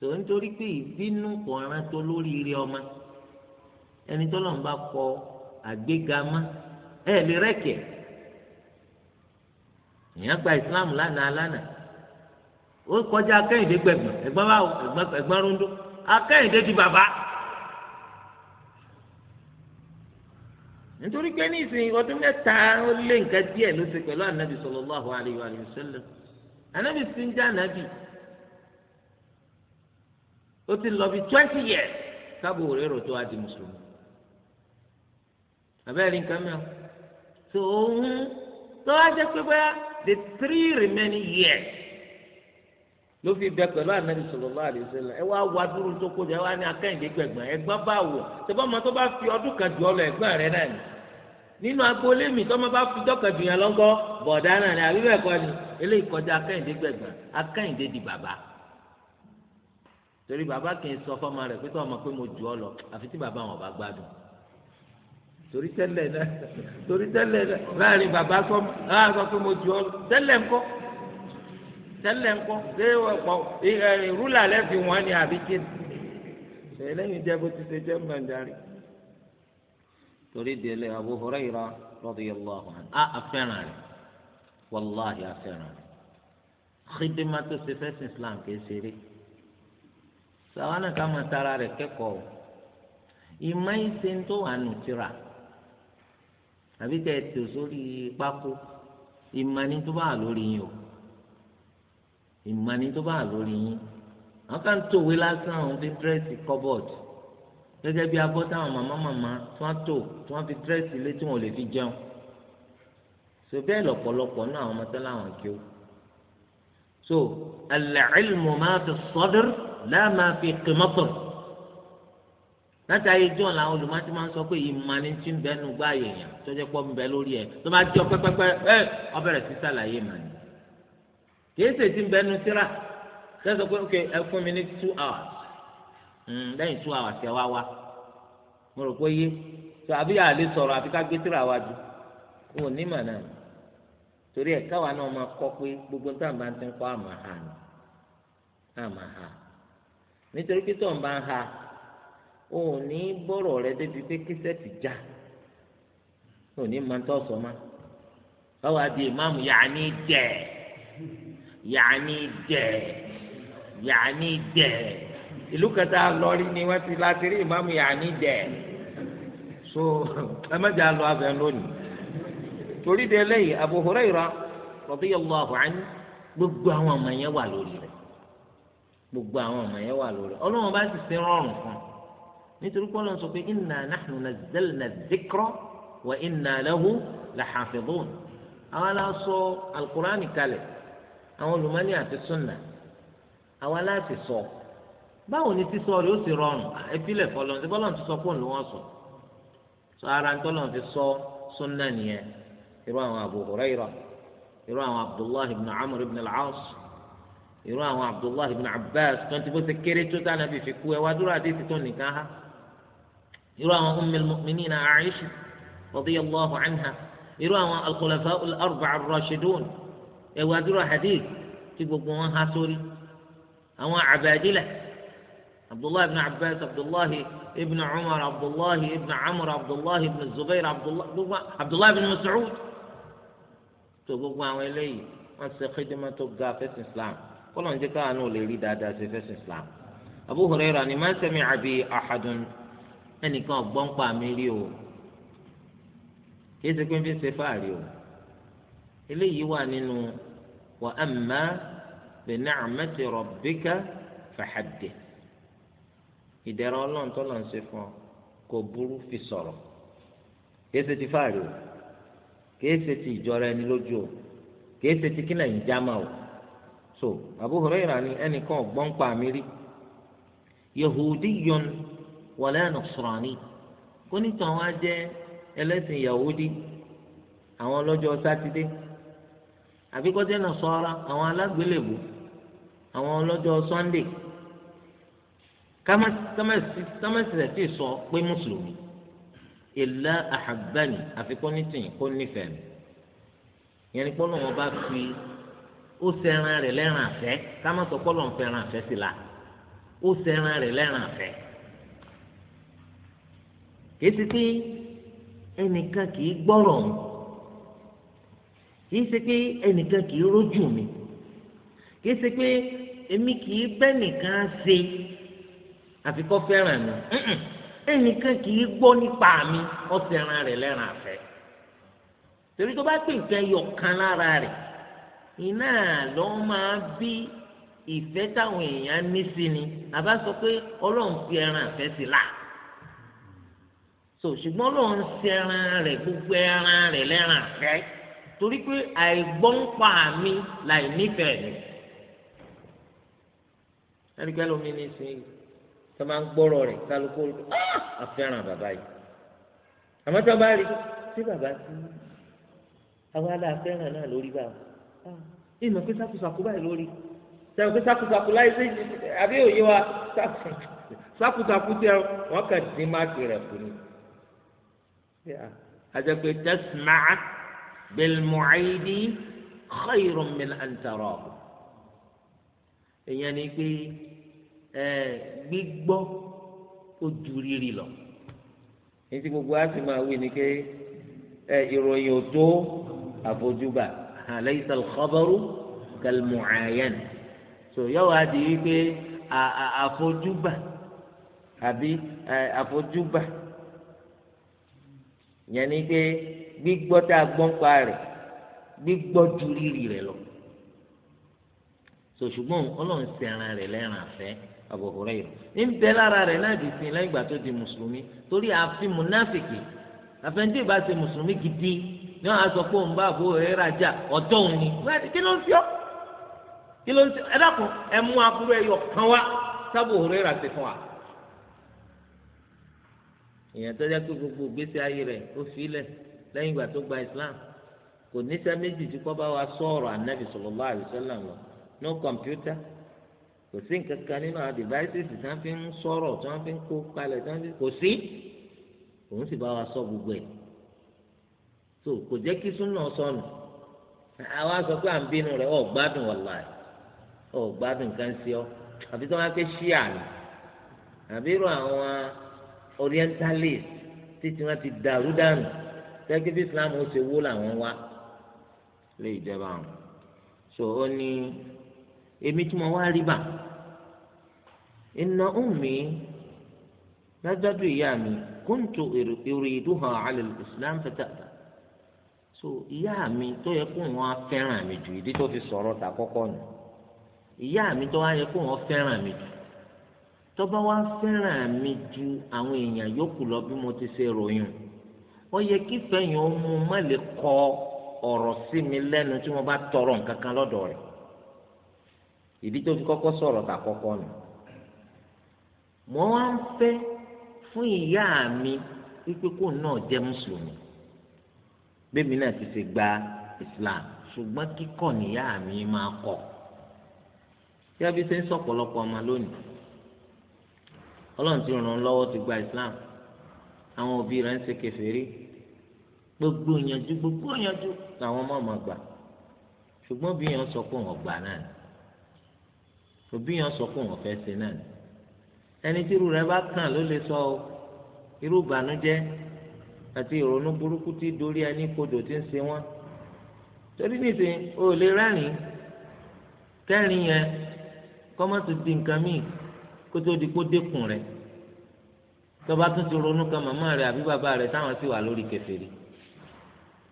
so ń torí pé ìbínú kò rán tó lórí ilé ọmọ ẹni tó lọ́n bá kọ àgbéga mọ́ ẹ lè rẹ́kẹ̀ èèyàn gba Islam lánàá lánàá ó kọjá akẹ́yìndé gbẹ̀gbọ̀n ẹ̀gbọ́n báwo ẹ̀gbọ́n rondo akẹ́yìndé di bàbá. nítorí pé ní ìsìn ọdún mẹ́ta ó lé nǹkan díẹ̀ ló ṣe pẹ̀lú sallallahu alaihi wa sallam ànábì ó ti lọ bí twenty years káàbò òrérò tó a di mùsùlùmí abẹ́rẹ́ nǹkan mẹ́wàá tó ń tó wá jẹ́ pé bá the three remaining years ló fi bẹ pẹ̀lú ànábi sallallahu alaihi wasallam ẹ wá wá dúró tó kó jẹ ẹ wá ní akẹ́yìndé gbẹ̀gbọ̀n ẹ̀gbọ́n bá wò tẹ́gbọ́n ọmọ bá fi ọdún kan jù ọ lọ ẹ̀gbọ́n rẹ náà ni nínú agboolé mi tọ́mọ bá fi dọ́kẹ̀ jù yẹn lọ́gọ́ bọ̀dá náà ni àbí bẹ́ẹ̀ kọ́ ni eléyìí kọjá akẹ́yìndé gbẹ̀gbọ̀n akẹ́yìndé di bàbá torí bàbá kì í sọ fọmọ rẹ pé sọmọ pé mo jù ọ lọ àfi tí bàbá wọn bá gbádùn torí tẹ́lẹ̀ náà torí tẹ́lẹ̀ náà láàrin bàbá sọmọ náà sọ pé mo jù ọ lọ tẹ́lẹ̀ ńkọ́ tẹ́lẹ̀ ńkọ́ ṣé ọ̀pọ̀ rúlà lẹfi wọn ni àbí kí ṣe lẹ́yìn jẹ bó ti ṣe jẹ mọdàrí torí délé Abu Hurairah radiyallahu anhu a afẹ́ràn rẹ wàláhi afẹ́ràn rẹ xidimá ṣe fẹsẹ̀ Islam kì í ṣeré sàwọn náà ká máa tara rẹ̀ kẹ́kọ̀ọ́ o ìṣe ń tó wà nù àbí kẹ́ ẹ tò sórí pákó ìmọ̀ ni tó bá lórí yín o ìmọ̀ ni tó bá lórí yín àwọn kan tòwé lásán àwọn fi dírẹ́sì kọ́bọ̀dù gẹ́gẹ́ bí abọ́ táwọn màmá màmá tí wọ́n tò tí wọ́n fi dírẹ́sì ilé tí wọ́n lè fi jẹun so bẹ́ẹ̀ lọ́pọ̀lọpọ̀ náà àwọn ọmọ tẹ́lẹ̀ àwọn kí o so al-ilmu ma fi sadr láàmà fi kìmọ́tọ̀ látàrí john làwọn olùmọ́tí máa ń sọ pé ìmọ̀ ni ti ń bẹ nu gbá èèyàn tó jẹ́ pọ́ ń bẹ lórí ẹ̀ tó bá jẹ́ pẹ́pẹ́pẹ́ ẹ ọbẹ̀rẹ̀ sí sàlàyé mà ní. kìí ṣe ti ń bẹ nu síra lẹ́sọ̀ pé ok ẹ fún mi ní two hours hmm, lẹ́yìn two hours ẹ wá wá mo rò pé yé àbí àlè sọ̀rọ̀ àfi ká gbé síra wájú wọn ò ní mà náà torí ẹ̀ káwa náà máa kọ́ pé gbogbo táwọn bá ń ti ń kọ́ àmà hà àmà hà nítorí pé tó ń bá ń ha ò ní bọ́rọ̀ rẹ débi pé kíṣẹ́ẹ̀tì já ò ní máa tọ́ sọ ma báwa di ìmáàmù yàní dẹ̀ yàní dẹ̀ yàní dẹ̀ ìlú kẹta lọrí ni wọ́n ti láti rí ìmáàmù yàní dẹ̀ so ẹ má jà lọ abẹ lónìí torí de eléyìí Abu Hurairah radiyallahu anhu gbogbo àwọn ọmọ yẹn wà lórí rẹ̀ gbogbo àwọn ọmọ yẹn wà lórí ọlọ́run bá sì sí rọrùn fún nítorí pé ọlọ́run sọ pé inna nahnu nazzalna dhikra wa inna lahu lahafidhun àwọn aláṣọ alukurani kalẹ̀ àwọn olùmọ́ni àti sunna àwọn aláṣẹ sọ báwo ni sísọ rẹ ó sì rọrùn ẹbílẹ̀ fọlọ́n ṣe bọ́lọ́n ti sọ fóun ló wọ́n sọ sọ ara ń tọ́lọ́n fi sọ sunna nìyẹn irú àwọn Abu Hurairah irú àwọn Abdullahi ibn Amr ibn al-As irú àwọn abdullahi ibn abbas tó ń ti bó ṣe kéré tó dáná fi fi kú ẹ wá dúró àdéhìí tó nìkan ha irú àwọn ummul mu'minina aisha radiyallahu anha irú àwọn al-khulafa'u al-arba'a ar-rashidun ẹ wá dúró àdéhìí tí gbogbo wọn há sórí àwọn abadilah abdullahi ibn abbas abdullahi ibn umar abdullahi ibn amr abdullahi ibn zubair abdullahi ibn mas'ud tó gbogbo àwọn eléyìí wọn ṣe xidima tó ga fẹsẹ islam kọlọ ń jẹ káwọn náà lè rí dáadáa ṣe fẹsẹ̀ islam abu huraira ni máa ń sẹmi àbí ahadun ẹnìkan ọgbọ́n pa mi rí o kì í ṣe pé ń fi ṣe fáàrí o eléyìí wà nínú wa amma bi ni'mati rabbika fahaddith ìdẹ̀rọ ọlọ́run tó lọ́n ṣe fún ọ kò burú fi sọ̀rọ̀ kìí ti fáàrí o kìí ti ìjọra ẹni lójú o kìí ti kí lẹ́yìn jámà o so Abu Hurairah ni ẹnìkan ọ̀gbọ́n pa mi rí yahudiyyun wala nasrani kónítàn wa jẹ́ ẹlẹ́sìn yahudi àwọn ọlọ́jọ́ sátidé àbí kó jẹ́ nasara àwọn alágbélébùú àwọn ọlọ́jọ́ sunday kámẹ́sìlẹ̀ sì sọ pé mùsùlùmí illa ahabbani àfikún nítìyìn kó nífẹ̀ẹ́ mi yẹn ni bá fi. ó sẹran rẹ̀ lẹ́ran àfẹ́ ká má fẹ́ràn la ó rẹ̀ lẹ́ran àfẹ́ kìí ṣe pé ẹnìkan kìí gbọ́rọ̀ òun kìí ṣe pé ẹnìkan rójú mi kìí pé èmi kìí bẹ́ nìkan ṣe àfi kọ́ fẹ́ràn mi ẹnìkan gbọ́ nípa mi ó rẹ̀ àfẹ́ torí tó bá pè iná ló máa bí ìfẹ́ táwọn èèyàn ní sí ni àbá sọ pé ọlọ́run fi ẹran àfẹ́ sí là so ṣùgbọ́n ọlọ́run ṣe ẹran rẹ̀ gbogbo ẹran rẹ̀ lẹ́ran àfẹ́ torí pé àìgbọ́npa mi láì nífẹ̀ẹ́ mi ẹnikẹ́ni omi ní sìn yìí tó máa ń gbọ́rọ̀ rẹ̀ kálukú àfẹ́ràn ah, bàbá yìí àmọ́ tó bá rí sí bàbá sí àwọn aláàfẹ́ràn náà lórí báwọn ìmọ̀ pé sákùsàkù báyìí lórí sẹ́wọ̀n pé sákùsàkù láyé sí àbí òye wa sákùsàkù tẹ wọ́n kàn dín máàkì rẹ̀ kù ni. àjẹpẹ́ tẹ́sán bẹ́lmọ̀áìdì xeyìrún mi là ń tẹ̀rọ. èèyàn ni pé gbígbọ́ ó ju rírì lọ. ní ti gbogbo a máa wí ni pé ìròyìn ò tó àfojúbà. ليس الخبر كالمعاين so yóò wá di wípé àfojúbà àbí àfojúbà yẹn ni pé gbígbọ́ tá a gbọ́n pa rẹ̀ gbígbọ́ ju rírì rẹ̀ lọ so ṣùgbọ́n ọlọ́run ṣe ara rẹ̀ lẹ́ràn àfẹ́ Abu Hurayra ń bẹ lára rẹ̀ náà di sin lẹ́yìn ìgbà tó di mùsùlùmí torí àfi mùnáfìkì àfẹ́ńtì ìbá ṣe mùsùlùmí gidi ní wọn sọ pé òun bá àbò rẹ rajà ọ̀tọ̀ òun ni kí ló ń fi ọ kí ló ń fi ẹ dákun ẹ mú aburú ẹyọ kan wá sábò rẹ rà sí fún wa. èèyàn tó jẹ́ pé gbogbo ìgbésí ayé rẹ̀ ó filẹ̀ lẹ́yìn ìgbà tó gba Islam kò níṣẹ́ méjì tí kò bá wa sọ̀rọ̀ anabi sallallahu alaihi wasallam lọ no computer kò sí nǹkan kan nínú àwọn devices tí wọ́n fi ń sọ̀rọ̀ tí wọ́n fi ń kó kalẹ̀ tí wọ́n fi kò sí òun sì bá wa sọ gbogbo ẹ̀ tó kò jẹ́ kí súnà sọnù àwa sọ pé à ń bínú rẹ̀ ọ̀ gbádùn ọ̀la ẹ̀ ọ̀ gbádùn kan sí ọ àbí tó wọn fẹ́ ṣí àná àbí irú àwọn orientalist títí wọn ti dàrú dànù tẹ́kí bí islam ó ṣe wó làwọn wá lé ìjọba àwọn so ó ní èmi tí mo wá rí bà iná ummi dájọ́dù ìyá mi kúntù ìrìdúhàn alẹ́ islam fẹ́tàtà so ìyá mi tó yẹ kó wọn fẹ́ràn mi jù ìdí tó fi sọ̀rọ̀ ta kọ́kọ́ nù ìyá mi tó wá yẹ kó wọn fẹ́ràn mi jù tó wá fẹ́ràn mi ju àwọn èèyàn yòókù lọ bí mo ti ṣe ròyìn wọ́n yẹ kí fẹ̀yìn ó má lè kọ ọ̀rọ̀ mi lẹ́nu tí bá tọrọ nǹkan kan lọ́dọ̀ rẹ̀ fi kọ́kọ́ sọ̀rọ̀ ta kọ́kọ́ nù mo wá ń fẹ́ fún ìyá mi náà jẹ́ mùsùlùmí bẹ́ẹ̀mi náà ti ṣe gba islam ṣùgbọ́n kíkọ̀ níyà mi máa kọ̀ yá bí ṣe ń sọ̀pọ̀lọpọ̀ ọmọ lónìí ọlọ́run ti ràn án lọ́wọ́ ti gba islam àwọn òbí rẹ̀ ń ṣe kèfèrí gbogbo ìyànjú gbogbo ìyànjú làwọn ọmọ ọmọ gbà ṣùgbọ́n òbí yẹn sọ pé òun gbà náà ni òbí yẹn sọ pé òun fẹ́ ṣe náà ẹni tí irú rẹ̀ bá kàn ló lè sọ irú ìbànújẹ́ àti ìrònú burúkú tí dorí ẹni kodò ti ń ṣe wọn torí nìsín o lè rẹ́rìn kẹ́rìn yẹn kọ́mọ́tò di nǹkan míì kó tó di kó dẹ́kun rẹ̀ tọba tún ti ronú kan màmá rẹ̀ àbí bàbá rẹ̀ táwọn sì wà lórí kèfèrí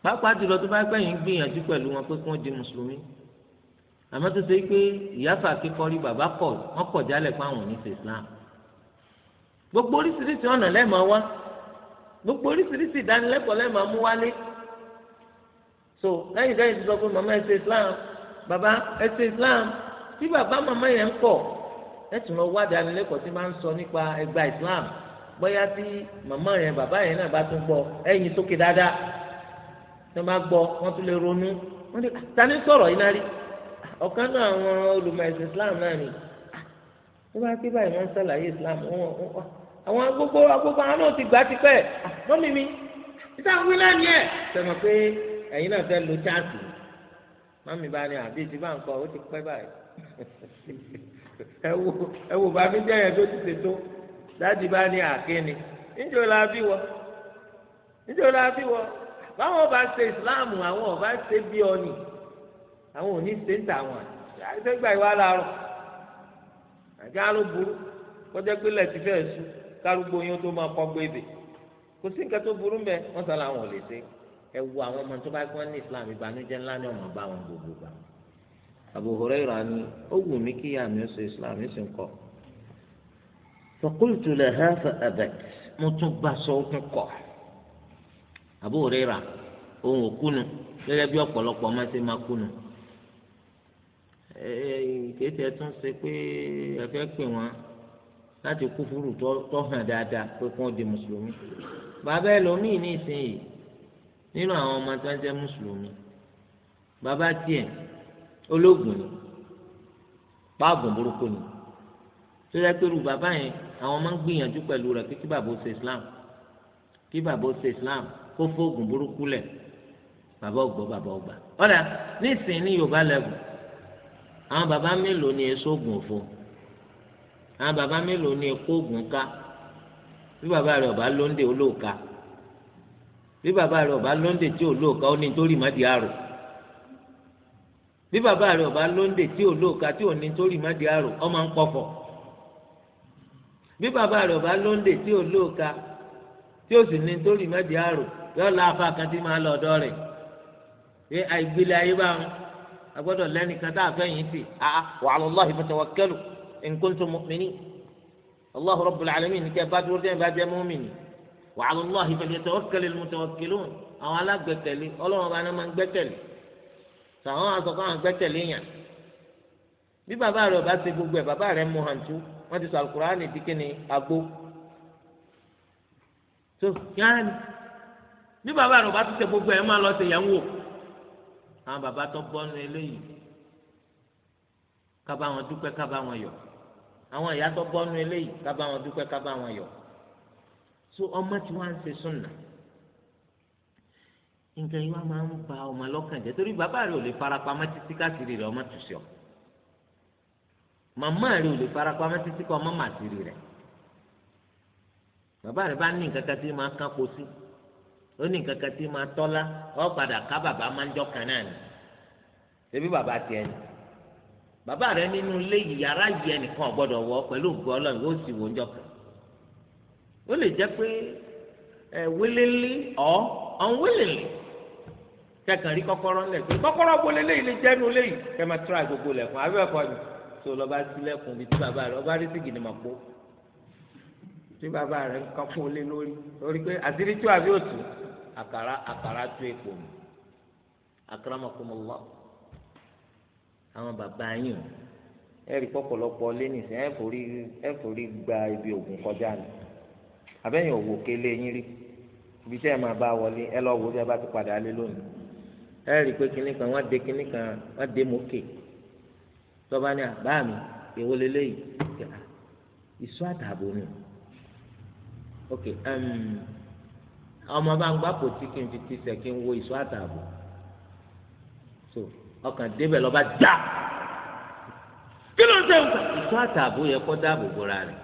pàápàá jùlọ tó bá pẹ́ yín gbìyànjú pẹ̀lú wọn pé kí wọ́n di mùsùlùmí àmọ́ tó ṣe pé ìyáfà kíkọ́rí bàbá kọ̀ wọ́n kọ̀ jálẹ̀ fún àwọn oníṣẹ́ Islam gbogbo oríṣiríṣi ọ̀nà lẹ́ẹ̀mọ́ wá gbogbo oríṣiríṣi ìdánilẹ́kọ̀ọ́ lẹ́ẹ̀ máa mú wálé so lẹ́yìn lẹ́yìn ti sọ pé màmá ẹsẹ̀ islam bàbá ẹsẹ̀ islam tí bàbá màmá yẹn ń kọ̀ ẹ tún lọ wá ìdánilẹ́kọ̀ọ́ tí máa ń sọ nípa ẹgbà islam bóyá tí màmá yẹn bàbá yẹn náà bá tún gbọ́ ẹ̀yìn sókè dáadáa tí wọ́n bá gbọ́ wọ́n tún lè ronú wọ́n ní tani sọ̀rọ̀ yìí náà rí ọ̀kan náà àwọn olùmọ̀ ẹ̀sìn islam náà ni wọ́n bá gbé báyìí wọ́n ń sàlàyé islam wọ́n àwọn gbogbo agbogbo àwọn náà ti gbà ti pẹ́ ah, mọ́mí mi ìta wí lẹ́nu ẹ̀ sọ̀rọ̀ pé ẹ̀yin náà fẹ́ lo chaasi mọ́mí bá ní àbí ti bá ń kọ́ ó ti pẹ́ báyìí ẹ̀wò ẹ̀wò bá mi jẹ́ yẹn tó ti ṣètò dáàdi bá ní àkéni níjọ́ la bí wọ níjọ́ la bí wọ báwọn bá ṣe ìsìláàmù àwọn ọba ṣe bí ọ nì àwọn ò ṣe ń tà wọn àti ẹgbàá ìwà làárọ̀ àjálù burú kọjá pé lẹ́ẹ̀tì fẹ́ẹ̀ sùn kárúgbó yín tó máa kọ́ gbébè kò sí nǹkan tó burú mbẹ wọn sọ làwọn ò lè ṣe ẹ wo àwọn ọmọ tó bá gbọ́n ní Islam ìbànújẹ́ ńlá ni ọmọ bá wọn gbogbo gbà Abu Hurairah ni ó wù mí kí ìyá mi ó ṣe Islam ní sìnkọ. فقلت لها فأبت mo tún gbà sọ ó tún kọ̀ Abu Hurairah òun ò kúnu gẹ́gẹ́ bí ọ̀pọ̀lọpọ̀ máa ṣe máa kúnu kìí ṣe tún ṣe pé ẹ fẹ́ pè wọ́n láti kúfúrú tó hàn dáadáa pé kó di mùsùlùmí bàbá ẹlòmíì ní ìsinyìí nínú àwọn ọmọ tó ń jẹ́ mùsùlùmí bàbá tiẹ̀ ológun ni páàgùn burúkú ni tó yẹ pé irú bàbá yẹn àwọn máa ń gbìyànjú pẹ̀lú rẹ̀ kí bàbá ó ṣe islam kí bàbá ó ṣe islam kó fóògùn burúkú lẹ̀ bàbá ọgbọ́ bàbá ọgbà ọ̀dà nísìnyí ní yorùbá lẹ́gùn àwọn bàbá mélòó ni èso oògùn òfo àwọn bàbá mélòó ni epo ògùn ká bí bàbá rẹ̀ ọba lóńdè olóòka bí bàbá rẹ̀ ọba lóńdè tí olóòka ó ní nítorí má di àrò bí bàbá rẹ̀ ọba lóńdè tí olóòka tí ò ní nítorí má di àrò ọmọ ń kọfọ bí bàbá rẹ̀ ọba lóńdè tí olóòka tí ó sì ní nítorí má di àrò yọ la afa kan tí máa lọ ọ̀dọ̀ rẹ̀ ṣé àìgbélé ayé bá wọn agbọ́dọ̀ lẹ́nìkan tá a fẹ̀yìntì àá wàhálà ọlọ́hìn fún tẹwọ́ kẹ́lù in كنتم مؤمنين، الله رب العالمين. kẹ́ bá dúró dẹ́yìn bá jẹ́ mọ́mìnì wa 'ala allahi falyatawakkalil mutawakkilun àwọn alágbẹ̀kẹ̀lé من bá náà máa ń gbẹ́kẹ̀lé sàwọn asọ̀kọ́ àwọn gbẹ́kẹ̀lé yàn bí bàbá rẹ̀ ọba ṣe gbogbo ẹ̀ bàbá rẹ̀ mú hàǹtú wọ́n ti sọ alukur'ani di kí ni agbó tó yára bí bàbá rẹ̀ ọba ti ṣe gbogbo ẹ̀ máa lọ ṣe yẹn wò àwọn bàbá tó bọ́nu eléyìí kábàá dúpẹ́ kábàá wọn àwọn ìyá tó gbọ́nu eléyìí ká wọn dúpẹ́ ká wọn yọ̀ so ọmọ tí wọ́n á ń ṣe súnà nǹkan yìí wọ́n máa ń ba ọmọ lọ́kàn jẹ́ torí bàbá rẹ̀ ò lè farapamọ́ títí káàkiri rẹ̀ ọmọ tùsọ̀ màmá rẹ̀ ò lè farapamọ́ títí kọ́ ọmọ màtìrì rẹ̀ bàbá rẹ̀ bá ní nǹkan kan tí máa kán kó sí ó ní nǹkan kan tí máa tọ́lá ó padà ká bàbá máa ń jọ́ kan náà ni ṣebí bàbá tiẹ̀ ni bàbá rẹ nínú ilé yàrá yìí ẹnìkan ọ̀gbọ́dọ̀ wọ pẹ̀lú ògùn ọlọ́run yóò sì wò ń jọ kan ó lè jẹ́ pé ẹ willingly or unwillingly kẹkàn rí kọ́kọ́rọ́ ńlẹ̀ pé kọ́kọ́rọ́ gbó lélẹ́yìí lè jẹ́nu léyìí kẹ́ máa tíra gbogbo lẹ̀kùn abẹ́ẹ̀kọ́ ni tó lọ́ba sílẹ̀kùn bíi tí bàbá rẹ ọba rí sí gìdìmọ̀ pọ̀ tí bàbá rẹ ń kọ́ fún olé lórí lórí pé àtìrí tí wàá bí òtún àkàrà àkàrà tó èpò mi àkàrà mọ̀kùnmọ̀ lọ́wọ́ àwọn bàbá yín ẹ rí pọ̀pọ̀lọpọ̀ lẹ́nìsín ẹ forí ẹ forí gba ibi ògùn kọjá ni àbẹ́yìn òwò kélé yín rí ibi tí ẹ máa bá wọlé ẹ lọ wò ó bí ẹ bá ti padà lé lónìí ẹ rí i pé kinní kan wọ́n de kinní kan wọ́n de mókè tọ́ba ní àbá mi èwo leléyìí ìṣó àtààbò ni ok ọmọ bá ń gbá pòtí kí n fi ti sẹ̀ kí n wo ìṣó àtààbò ọkàn débẹ̀ lọ́ba já kí ló ń sẹ́wọ̀n kà ìtọ́ àtààbò yẹ kó dáàbò bora rẹ̀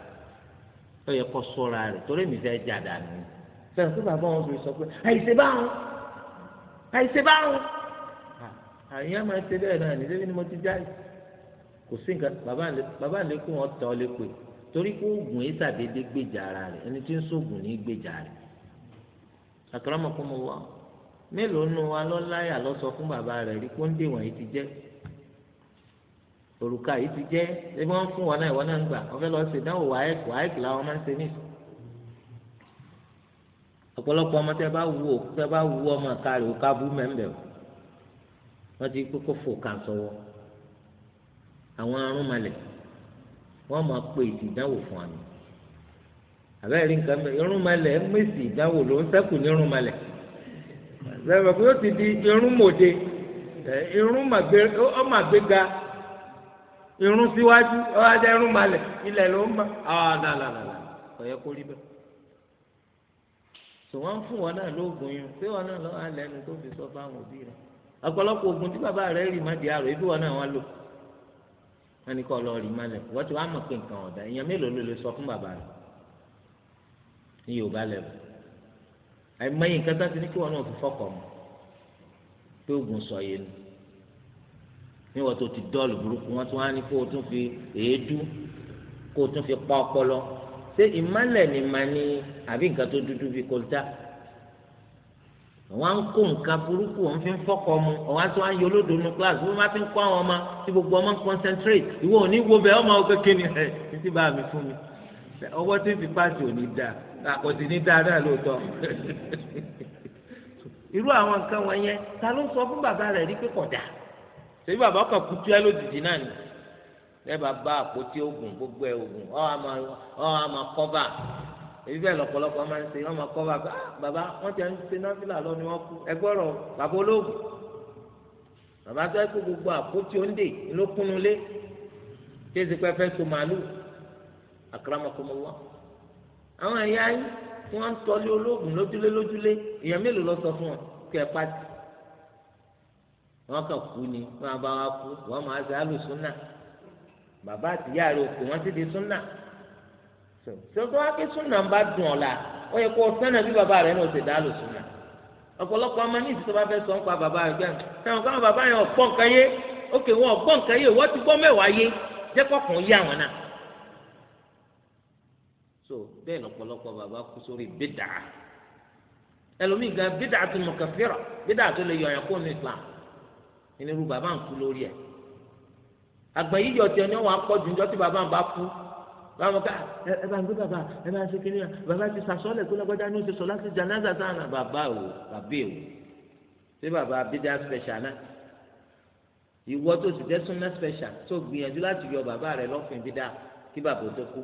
ó yẹ kó sọ́ra rẹ̀ torí mi fẹ́ jà dànù sẹ́wọ̀n kí bàbá wọn fi sọ pé àìsè báwọn àìsè báwọn ah, àyà máa ṣe bẹ́ẹ̀ náà nílé ni mo ti já yìí kò sí nǹkan bàbá lẹ́kùn wọn tọ́ lẹ́kùn torí kó oògùn yìí sàdédé gbèjà ara rẹ̀ ẹni tí ń sóògùn ní gbèjà rẹ̀ àkàrà ọmọkùnrin wọn mélòó nu wa lọ́láyà lọ sọ fún bàbá rẹ̀ rí pọ́ńdé wọ̀nyí ti jẹ́ òrùka yìí ti jẹ́ ebi wọ́n fún wọn náà ìwọ náà ń gbà wọ́n fẹ́ lọ ṣe ìdánwò wáyẹ̀kì wáyẹ̀kì làwọn máa ń ṣe nìyí ọ̀pọ̀lọpọ̀ ọmọ tẹ́ bá wù tẹ́ bá wù ọmọ kárí òka bú mẹ́mbẹ́ o wọ́n ti kókó fò ká sọ́wọ́ àwọn arúnmalẹ̀ wọ́n máa pe èsì ìdánwò fún àmì àbẹ́rẹ́ nǹkan mẹ́ irúnmalẹ̀ mẹ́sì ìdánwò ló ń sẹ́kù ní irúnmalẹ̀ lẹ́yìn pé ó ti di irun mòde irun ọmọgbéga irun síwájú ọ̀hájà irun malẹ̀ ilẹ̀ ló ń bá àdàlàlà ọ̀yẹ́ kó rí bẹ́ẹ̀. sọ wọn fún wọn náà lóògùn yun pé wọn náà lọ́wọ́ alẹ́ tó fi sọ òbí rẹ̀ ọ̀pọ̀lọpọ̀ oògùn tí bàbá rẹ̀ rì má di àrò ibi wọn náà wọn lò wọn ni kọ́ lọ malẹ̀ wọ́n ti bàbá rẹ̀ àìmọye nǹkan tá a ti ní kí wọn náà fi fọkọ mọ pé oògùn sọ yẹn nu níwọ̀n tó ti dọ́ọ̀lù burúkú wọn tún wá ní kó o tún fi èédú kó o tún fi pa ọpọlọ ṣé ìmálẹ̀ ni màá ní àbí nǹkan tó dúdú bíi kọlítà wọn á ń kó nǹkan burúkú wọn fi ń fọkọ mu wọn á tún á ń yọlódò nu kíláàsì wọn máa fi ń kó àwọn ọmọ tí gbogbo ọmọ ń concentrate ìwọ ò ní wo bẹ ọmọ òkèké ni ẹ títí bá mi fún mi ọwọ́ tí ń fi páàsì ò ní dáa àkọsí ní dáadáa lóòótọ́ irú àwọn nǹkan wọn yẹn ta ló sọ fún bàbá rẹ̀ rí pé kódà ṣèbí bàbá kan kú tú ẹ lójijì náà ni lẹ́ẹ̀bà bá àpótí oògùn gbogbo ẹ̀ oògùn ọ́ a máa kọ́bà èyí bẹ́ẹ̀ lọ́pọ̀lọpọ̀ máa ń ṣe wọ́n máa kọ́bà pé ah, bàbá wọ́n ti ń ṣe náfìlà lọ ni wọ́n kú ẹgbọ́rọ̀ bàbá olóògùn bàbá tó kó gbogbo àpótí òǹdè ló kúnnulé tí èsì pẹ́ fẹ́ so màálù àkàràmọ́kọ́mọ́wọ́ àwọn ẹ̀yà yín tí wọ́n ń tọ́lé olóògùn lójúlé lójúlé èèyàn mélòó lọ sọ fún ọ kẹ pàtì wọn kàn kú ni wọn bá wa kú wọn máa ṣe àlùsúnà bàbá àtìyá rẹ òkú wọn ti di súnà sọtọ wá pé súnà ń bá dùn ọ la ó yẹ kó o sẹ́nà bí bàbá rẹ náà ṣe dá àlùsúnà ọ̀pọ̀lọpọ̀ ọmọ ní ìsìtọ́ bá fẹ́ sọ ń pa bàbá rẹ gbẹ́n sẹ́wọ̀n káwọn bàbá yẹn ọ̀pọ̀ nǹkan yé ókè wọn ọ̀pọ̀ nǹkan yé wọ́n ti gbọ́ mẹ́wàá yé jẹ́ kọ́kàn yé àwọn náà so bẹ́ẹ̀ lọ́pọ̀lọpọ̀ bàbá kú sórí bídà ẹlòmíì gan bídà tó mọ̀ kẹfìrà bídà tó lè yọ̀yàn kó ní islam ìnirú bàbá ń kú lórí ẹ̀ àgbà yíyọ tiẹ̀ ni wọ́n á pọ̀ jù níjọ́ tí bàbá ń bá kú báwo ká ẹ bá ń gbé bàbá ẹ bá ń ṣe kínní bàbá ti sàṣọ́lẹ̀ kó lọ́gbọ́dá ní oṣù sọ̀lá sí jàǹdà sáànà bàbá o bàbá o ṣé bàbá bídà special náà ìwọ tó sì jẹ́ súnmọ́ special tó gbìyànjú láti yọ bàbá rẹ lọ́fìn bídà kí bàbá tó kú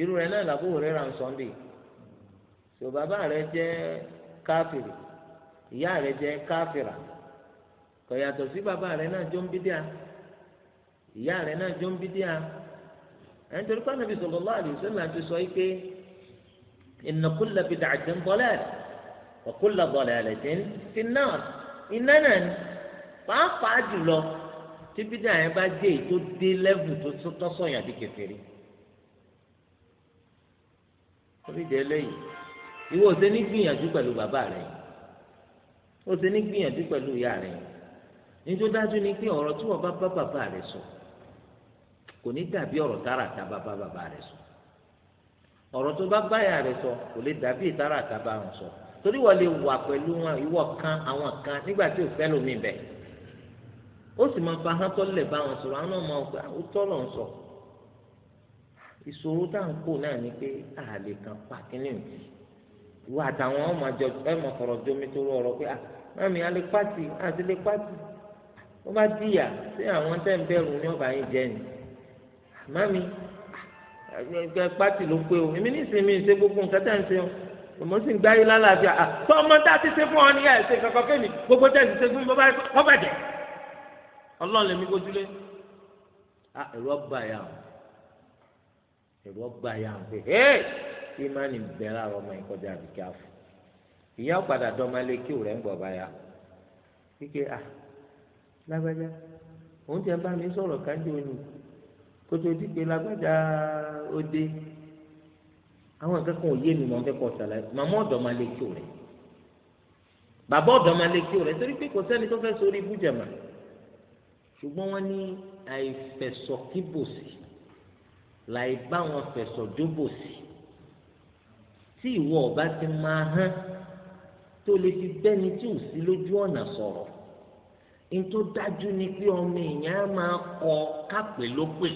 irú rẹ̀ náà làbúrò rẹ̀ ra sọ́ndè tó bàbá rẹ̀ jẹ́ káfìrì ìyá rẹ̀ jẹ́ káfìrà kò yàtọ̀ sí bàbá rẹ̀ náà jọ ń bídíà ìyá rẹ̀ náà jọ ń bídíà ẹni torí pé Ànábì sallallahu alaihi wasallam ti sọ pé inna kulla bid'atin dalalah wa kulla dalalatin fin-nar iná náà ni pàápàá jùlọ tí bídíà yẹn bá dé tó dé lẹ́vù tó tọ́sọ̀yàn àti kèfèrí orídìí eléyìí ìwọ ò ṣe ní gbìyànjú pẹ̀lú bàbá rẹ ó ṣe ní gbìyànjú pẹ̀lú ìyá rẹ ní tó dájú ni pé ọ̀rọ̀ tí wọ́n bá bá bàbá rẹ sọ kò ní dàbí ọ̀rọ̀ tààràtà bàbá bàbá rẹ sọ ọ̀rọ̀ tó bá bá ìyá rẹ sọ kò lè dàbí tààràtà bá wọn sọ torí wọ́n lè wà pẹ̀lú wọn ìwọ kan àwọn kan nígbà tí ò fẹ́ lómi bẹ̀ ó sì máa bá hán tọ́lẹ̀ bá wọn sọ̀rọ̀ ìṣòro tá à ń kó náà ni pé àlè kan pa kínní ìwà àtàwọn ọmọ àjọ ẹ mọ sọ̀rọ̀ jómi tó rọ ọ̀rọ̀ pé à ah, mami alẹ pati àti lè pati wọn bá dìyà sí àwọn tẹ ń bẹ̀rù ní ọba yìí jẹ ni mami ẹgbẹ pati ló pé o èmi ní ìsinmi ìṣe gbogbo nǹkan tẹ ń ṣe o èmi sì ń gbáyé lálàáfíà à ah, tó ọmọ tá a ti ṣe fún ọ ní ẹsẹ kankan fẹmi gbogbo tẹ ti ṣe fún mi bọba bọba jẹ Ọlọ́run lèmi kojúlé à ah, ẹ̀rù ọba yà o ẹ̀rọ gba ya ń pè é kí má ní bẹ̀rẹ̀ àrọ́ ọmọ yìí kọjá àbíkẹ́ àfọ̀ ìyá padà dọ́mọ kí òun ń gbọ̀ bá ya kíkẹ́ à lágbájá òun ti bá mi sọ̀rọ̀ kájú òní kótó dípé lágbájá ó dé àwọn akẹ́kọ̀ọ́ òye mi mọ̀ fẹ́ kọ́ ṣàlàyé màmá ọ̀dọ́ máa lé kí òun bàbá ọ̀dọ́ máa lé kí òun torí pé kò sẹ́ni tó fẹ́ sórí ibú jẹ̀mà ṣùgbọ́n wọ́n ní àìfẹ̀sọ̀kíbòsì láì bá wọn fẹ̀sọ̀ jóbò sí tí ìwọ ọba ti máa hán tó lè fi bẹ́ni tí ò sí lójú ọ̀nà sọ̀rọ̀ ntó dájú ni pé ọmọ èèyàn á máa kọ kápẹ́ lópè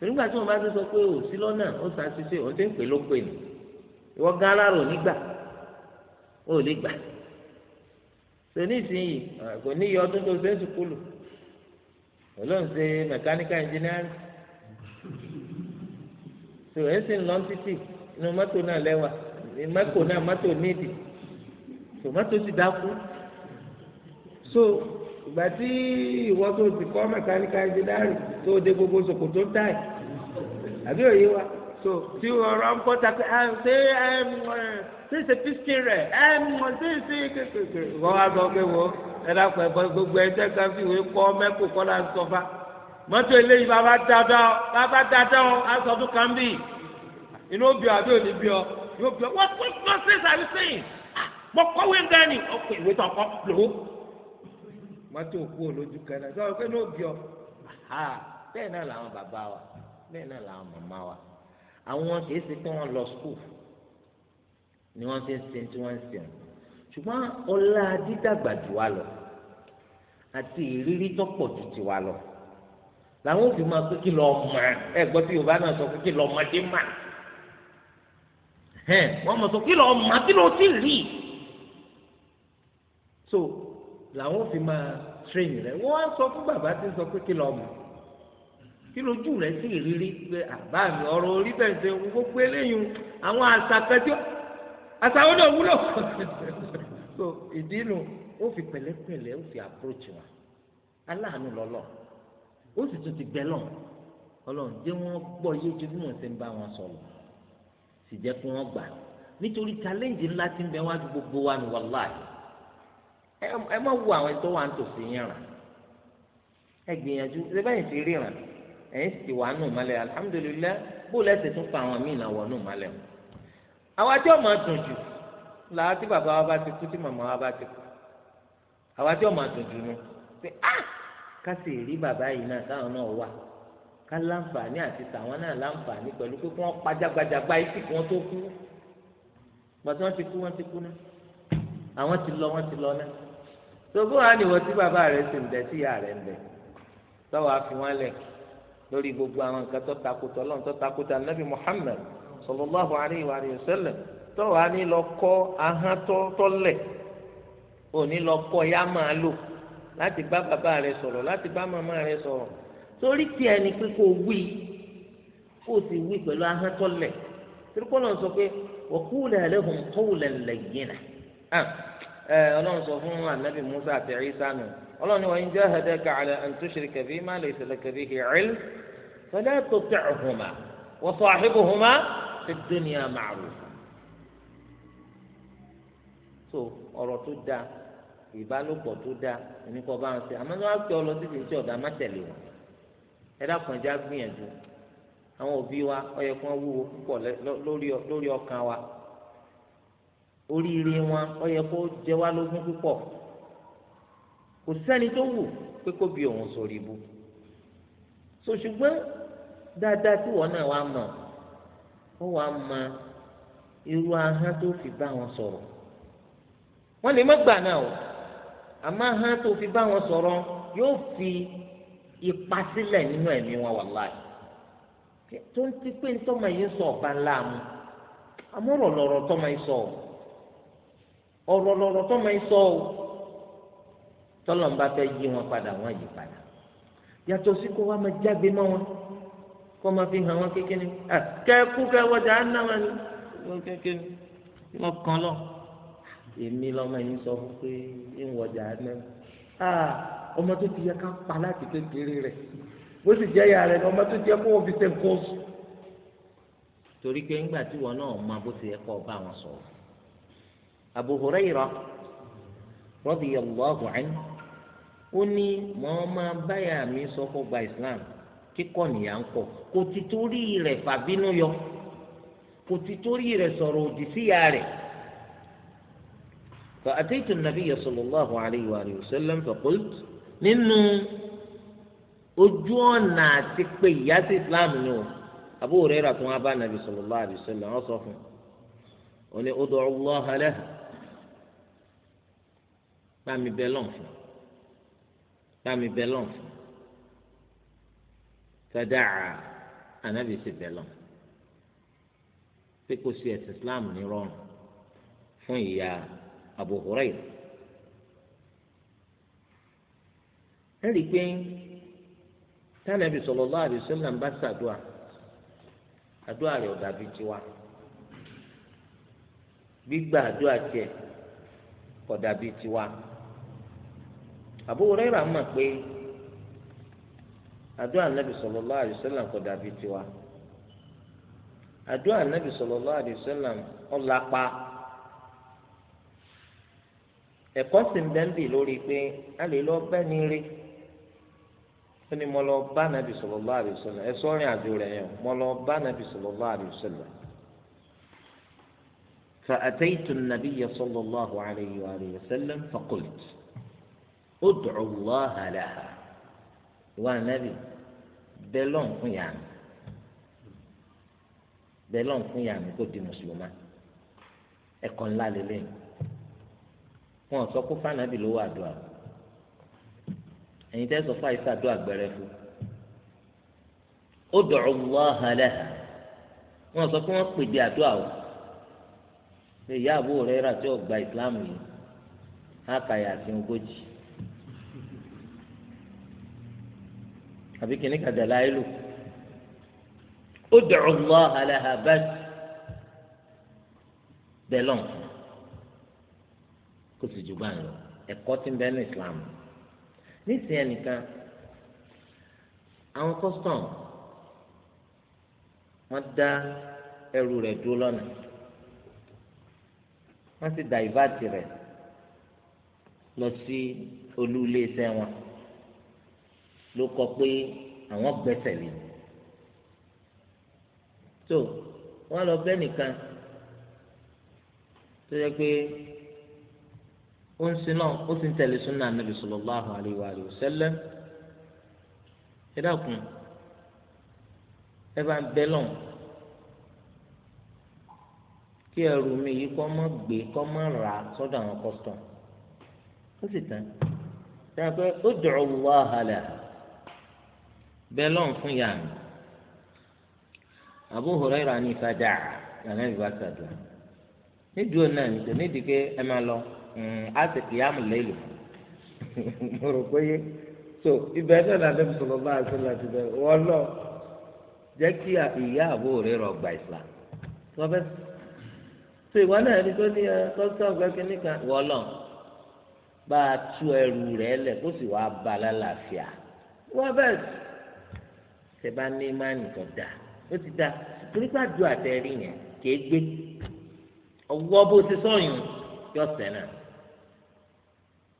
nígbà tí wọn bá ti sọ pé ò sí lọ́nà ó ṣàṣìṣe ó ti ń pè lópè ni ìwọ gan alárò nígbà ó lè gbà sẹ́ni ìsinyìí kò ní iye ọdún tó ṣe ń sùkúlù òun ló ń ṣe mẹkáníkà ẹnjìnírì tó ẹ̀ sì ń lọ títì inú mọ́tò náà lẹ́wà mọ́tò náà mọ́tò nídìí tó mọ́tò dákú so ìgbà tí ìwọ tó ti kọ́ mẹkáníkà tó gbogbo táì àbí òye so tí ọ̀rọ̀ ń kọ́ ta ẹ ah, ṣe ẹ ṣe ṣe píṣkì rẹ̀ ẹ ṣe ṣe kékeré wọ́n wá sọ pé wọ́n ẹ dàpọ̀ ẹ̀ gbogbo kọ́ mọ́tò eléyìí bàbá dáadáa bàbá dáadáa asọ̀tún kan bì inú ó ọ àbí òní bí ọ yóò bí ọ what what nonsense are you saying ah, mo kọ́wé nǹkan ni ọkọ ìwé tó kọ́ lò ó mọ́tò òkú olójú kan náà sọ pé inú ó bí ọ bẹ́ẹ̀ náà làwọn bàbá wa bẹ́ẹ̀ náà làwọn màmá wa àwọn kìí ṣe pé wọ́n lọ skul ni wọ́n ti ń sin tí wọ́n ń sin ṣùgbọ́n ọlá dídàgbà jù wá lọ àti ìrírí tó pọ̀ jù tiwa lọ làwọn ò fi máa pé kí lọ ẹ gbọ́ tí yorùbá náà sọ pé kí lọ mà dé mà wọ́n mọ̀ sọ so làwọn ò fi máa train rẹ wọ́n sọ fún bàbá tí ń sọ pé kí lọ mà kí rẹ sí riri pé àbá mi ọ̀rọ̀ orí bẹ́ẹ̀ ṣe àwọn àṣà ó sì tún ti bẹ lọ Ọlọ́run jẹ́ wọn gbọ́ yé ju bí mo ṣe ń bá wọn sọ̀rọ̀ sì jẹ́ kí wọn gbà nítorí challenge ńlá ti ń bẹ wájú gbogbo wa ni wàláì ẹ má wo àwọn ẹ̀tọ́ wa ń tòsí yín rà ẹ gbìyànjú ṣe báyìí ti ríran ẹ̀yin sì ti wà nù malẹ̀ alihamudulilayi bó lẹ́sẹ̀ tún pa àwọn míì náà wọ̀ nù malẹ̀ o àwa tí ọmọ dùn jù làwa tí bàbá wa bá ti kú tí màmá wa bá ti kú àwa tí ọmọ dùn jù nù pé ah ká sì rí bàbá yìí náà káwọn náà wà ká láǹfààní àti tàwọn náà láǹfààní pẹ̀lú pé kí wọ́n pajágbajàgba etí kí wọ́n tó kú gbàtí wọ́n ti kú wọ́n ti kú náà àwọn ti lọ wọ́n ti lọ náà sọgbó wa ni wọ́n ti bàbá rẹ̀ sì ń bẹ sí ìyá rẹ̀ ń bẹ sọ́wọ́ àfi wọn lẹ̀ lórí gbogbo àwọn nǹkan tó takùtà ọlọ́run tó takùtà nàbì Muhammad sallallahu alayhi wa sallam tọ́wọ́ á ní lọ kọ́ ahọ́n tọ́lẹ̀ òní lọ kọ́ yá máa lò láti bá bàbá rẹ sọ̀rọ̀ láti bá màmá rẹ sọ̀rọ̀ torí tiẹ̀ ni pé kò wí kó o sì wí pẹ̀lú ahọ́n tó lẹ̀ torí kó lọ́n sọ pé waqula lahum qawlan layyina ah, ọlọ́run sọ fún anabi musa àti isa nù ọlọ́run ni wa in jahadaka ala an tushrika bi ma laysa laka bihi ilm fala tuti'huma wa sahibuhuma fid dunya ma'rufa so ọ̀rọ̀ tó dáa ìbálòpọ̀ tó da ẹni kọ́ bá wọn ṣe àmọ́ wọn pẹ́ ọ lọ títí tí ọ̀dà má tẹ̀lé wọn ẹ dákun ẹja gbìyànjú àwọn òbí wa ọyẹ kan wúwo púpọ̀ lórí ọkàn wa oríire wọn ọyẹ kó jẹ wá lógún púpọ̀ kò sẹ́ni tó wù pé kó bí òun sọ̀rọ̀ ìbú so ṣùgbọ́n dáadáa tí wọn náà wàá mọ̀ ó wàá mọ irú ahọ́n tó fi bá wọn sọ̀rọ̀ wọ́n lè má gbà náà o. àmọ́ hàn tó fi bá wọn sọ̀rọ̀ yóò fi ipa sílẹ̀ nínú ẹ̀mí wọn wàláì tó ń ti pé ntọ́mọ yìí sọ ọ̀bá ńlá mu amọ̀rọ̀ lọ̀rọ̀ tọ́mọ yìí sọ ọ̀rọ̀ lọ̀rọ̀ tọ́mọ yìí sọ tọ́lọ́mùbá fẹ́ yí wọn padà wọ́n yí padà yàtọ̀ sí kó wá máa jágbe mọ́ wọn kó máa fi hàn wọn kékeré kẹ́ẹ̀kú wọn kékeré èmi lọ́mọ yìí sọ fún pé ń wọjà ẹ̀mẹ́ ọmọ tó ti yẹ ká pa láti kékeré rẹ̀ bó sì jẹ́ ọmọ tó ti yẹ kó wọ́n fi torí pé ńgbà tí wọn náà mọ bó ti yẹ kó bá wọn ó ní báyà mi sọ fún gba Islam kíkọ nìyà ń kò ti torí rẹ̀ fàbínú yọ kò فأتيت النبي صلى الله عليه وآله وسلم فقلت nínú ojú ọ̀nà àti pé ìyá sí islam ni o Abu Hurairah tó wọn bá nàbì sallallahu alaihi wasallam wọn sọ fún un ní ud'u Allaha laha bámi bẹ lọ́n fún bámi bẹ lọ́n fún fadaa ànábì sì bẹ lọ́n pé kò sí ẹ̀sìn islam ní rọrùn fún ìyá rẹ̀. Abu Hurairah ẹ̀rí pé tánàbí sallallahu alaihi wasallam bá ṣàdúà àdúà rẹ̀ ò dàbí tiwa gbígbà àdúà tiẹ̀ kò tiwa Abu Hurairah mọ̀ pé àdúà nàbì sallallahu alaihi wasallam kò tiwa àdúà nàbì sallallahu alaihi ẹ̀kọ́ sì ń bẹ́ẹ̀ bì lórí pé a lè lọ bẹ́ẹ̀ ní rí ó ní mo lọ bá nàbì sallallahu alaihi wasallam ẹ sọ́rin àjò rẹ̀ yẹn mo lọ bá nàbì sallallahu alaihi wasallam fa ataytu an-nabiyya sallallahu alaihi wa alihi wasallam fa qultu ud'u Allaha laha ìwà nàbì bẹ́ẹ̀ lọ́n fún yàrá mi bẹ́ẹ̀ wọn sọ pé fànàbì ló wà àdúrà ẹ̀yin tẹ́ sọ fún àyíṣà àdúrà gbẹrẹ fún ó dọ̀rọ̀ wọ́n halẹ̀ wọn sọ pé wọ́n pèdè àdúrà o ṣe ìyá àbúrò rẹ rà tí ó gba yìí á kàyà ogójì àbí kìnìún kàdàlá ayé lò ó dọ̀rọ̀ wọ́n halẹ̀ ha bẹ́ẹ̀ bẹ́ẹ̀ kó sì jù báyìí lọ ẹ̀kọ́ tí ń bẹ ní islam nísìnyẹn nìkan àwọn custom wọ́n dá ẹrù rẹ̀ dúró lọ́nà wọ́n sì dàìváàtì rẹ̀ lọ sí olú iléeṣẹ́ wọn ló kọ pé àwọn gbẹ́sẹ̀ lé tó wọ́n lọ bẹ nìkan tó yẹ pé ó ń si náà ó sì ń tẹ̀lé súnà nàbì sallallahu alayhi wa sallam ẹ dákun ẹ bá ń bẹ lọ́n kí ẹrù mi yìí kọ́ mọ́ gbé kọ́ mọ́ rà sọ́dọ̀ àwọn kọ́sítọ̀m ó sì tán dáa ó dọ̀rọ̀ wá halẹ̀ bẹ lọ́n fún yàrá mi Abu Hurairah ní náà nídìí ẹ lọ. á sì kì í àmì so ibẹ̀ náà nàbẹ́ sọ̀rọ̀ bá a sọ̀rọ̀ àti bẹ́ẹ̀ wọ́n lọ jẹ́ kí ìyá àbó rẹ̀ rọ̀ gbà ìsìlá wọ́n fẹ́ so ìwọ náà ẹni tó ní ẹ tọ́sí ọ̀gbẹ́ kínní kan wọ́n lọ bá a tú ẹrù rẹ̀ lẹ̀ kó sì wàá ba lálàáfíà wọ́n bẹ́ẹ̀ ṣe bá ní mánì tó dáa ó ti dáa torí pé àdúrà tẹ yẹn kéé gbé ọwọ́ bó ti sọ̀yìn yọ̀ sẹ́nà.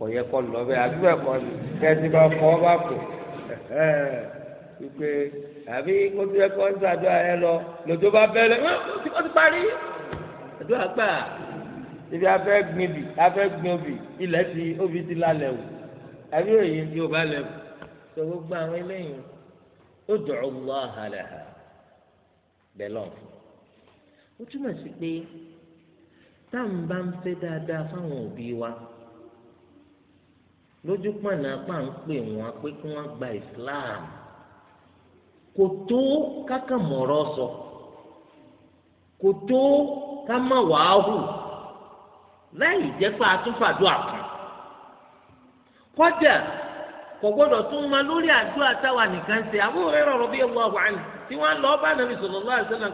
kò yẹ kọ lọ bẹ àbí bẹ́ẹ̀ kọ́ ni kẹsì bá kọ ọ bá kù wípé àbí kó tó yẹ kó ń sàdúrà yẹn lọ lòdó bá bẹ lẹ ó ti parí àdúrà gbà ibi afẹ́ gbin bì afẹ́ gbin obì ilẹ̀ ti obì ti lálẹ́ wò àbí òye ti o bá lẹ̀ wò tó gbogbo àwọn eléyìí ó dọ̀ọ́ lọ́ àhàlẹ̀ hà bẹ́ẹ̀ lọ́n ó túmọ̀ sí pé táwọn bá ń fẹ́ dáadáa fáwọn òbí wa. lójú pọ̀nà apá ń pè wọ́n pé kí wọ́n gba islam kò tó kákà mọ̀rọ̀ sọ kò tó ká má wàá hù láì jẹ́ pé atúfàdúrà kan kọjá kò gbọdọ̀ tún ma lórí àdúrà táwa nìkan ṣe àbúrò rọrọ bí ewu àwọn tí lọ bá nàbì islam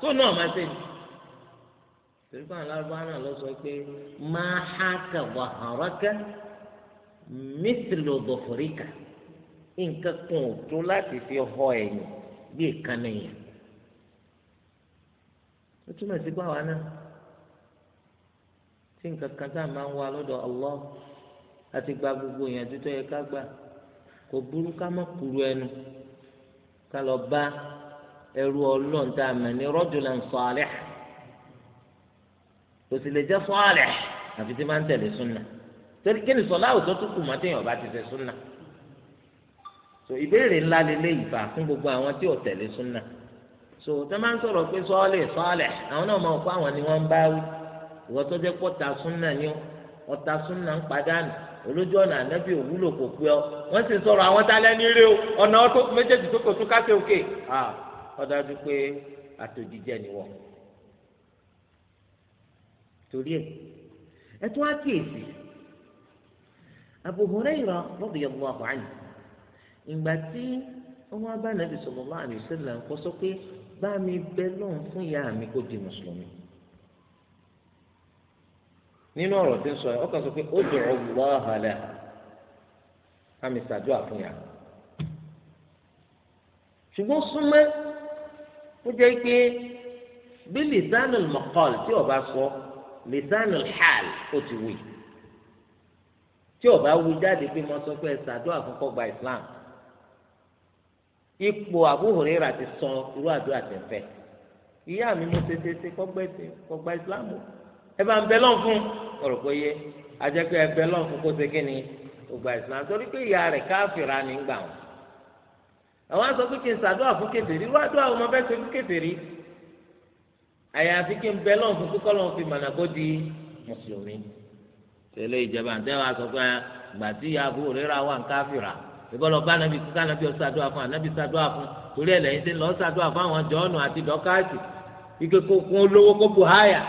tó torí pé alárúbá náà lọ sọ pé máa ha kà wà hàrọ́kẹ́ mítìlò bọ̀fọ̀ríkà nǹkan kan ò tó láti fi họ ẹ̀yìn bí ìkànnì yẹn ó túmọ̀ sí báwa náà tí nǹkan kan tá a máa ń wá lọ́dọ̀ Allah àti gba gbogbo ìyànjú tó yẹ ká gbà kò burú ká má kúrú ẹnu ká lọ bá ẹrú a mọ̀ kò sì lè jẹ́ sọ́ọ̀lẹ̀ àfi tí máa ń tẹ̀lé súnà torí kí ni sọ̀lá òótọ́ tó kù mọ́ téèyàn bá ti fẹ́ súnà so ìbéèrè ńlá lélẹ́ ìfà fún gbogbo àwọn tí ò tẹ̀lé súnà so tó máa ń sọ̀rọ̀ pé sọ́ọ̀lẹ̀ sọ́ọ̀lẹ̀ àwọn náà máa kó àwọn ni wọ́n ń bá wí ìwọ tó jẹ́ pọ́ta súnà ni ọ̀ta súnà ń padànù olójú ọ̀nà ànábì òwúlò kò pé ọ wọ́n sì sọ̀rọ̀ àwọn tálẹ́ ní rí o ọ̀nà méjèèjì tó kò tún kásẹ̀ òkè ọ̀dájú pé àtòjì jẹ́ nìwọ̀n torí ẹ̀ ẹ tún á kíyèsí Abu Hurairah radiyallahu anhu ìgbà tí ọmọ abá nàbì sallallahu alaihi wasallam ń kọ́ sọ pé bá mi bẹ lọ́hùn fún ìyá mi kó di mùsùlùmí nínú ọ̀rọ̀ tí ń sọ ẹ ọkàn sọ pé ó dùn ọ̀gbọ́n àhàlẹ́ àmì ìsàjọ àfihàn ṣùgbọ́n súnmọ́ ó jẹ́ pé bílí dánil mọ̀kọ́l tí ọba sọ lisanu hal o ti wí tí o bá wí jáde pé mo sọ pé ẹ islam ipò Abu Hurairah ti sọ irú àdúrà tẹ̀ fẹ́ ìyá mi mo ṣe ṣeṣe kó gba islam o ẹ bá ń bẹ lọ́n fún ọ̀rọ̀ pé yé ẹ bẹ lọ́n islam torí pé ìyá rẹ̀ káfíra ní gbà wọn àwọn aṣọ pé kí n irú àyàfi kí n bẹ lọ́n fún kíkọ́ lọ́n fi mànàkó di mùsùlùmí tẹ̀lé ìjẹba àtẹ́wà sọ pé gbàtí ìyàbò rírà wà ń káfìrà ìbọ̀lọ̀ bá anabi kíkọ́ anabi ọ̀sàdúrà fún anabi sàdúrà fún torí ẹ̀ lẹ́yìn tí ń lọ sàdúrà fún àwọn jọ́ọ̀nù àti dọ́kàtì ike kó kún olówó kó bu háyà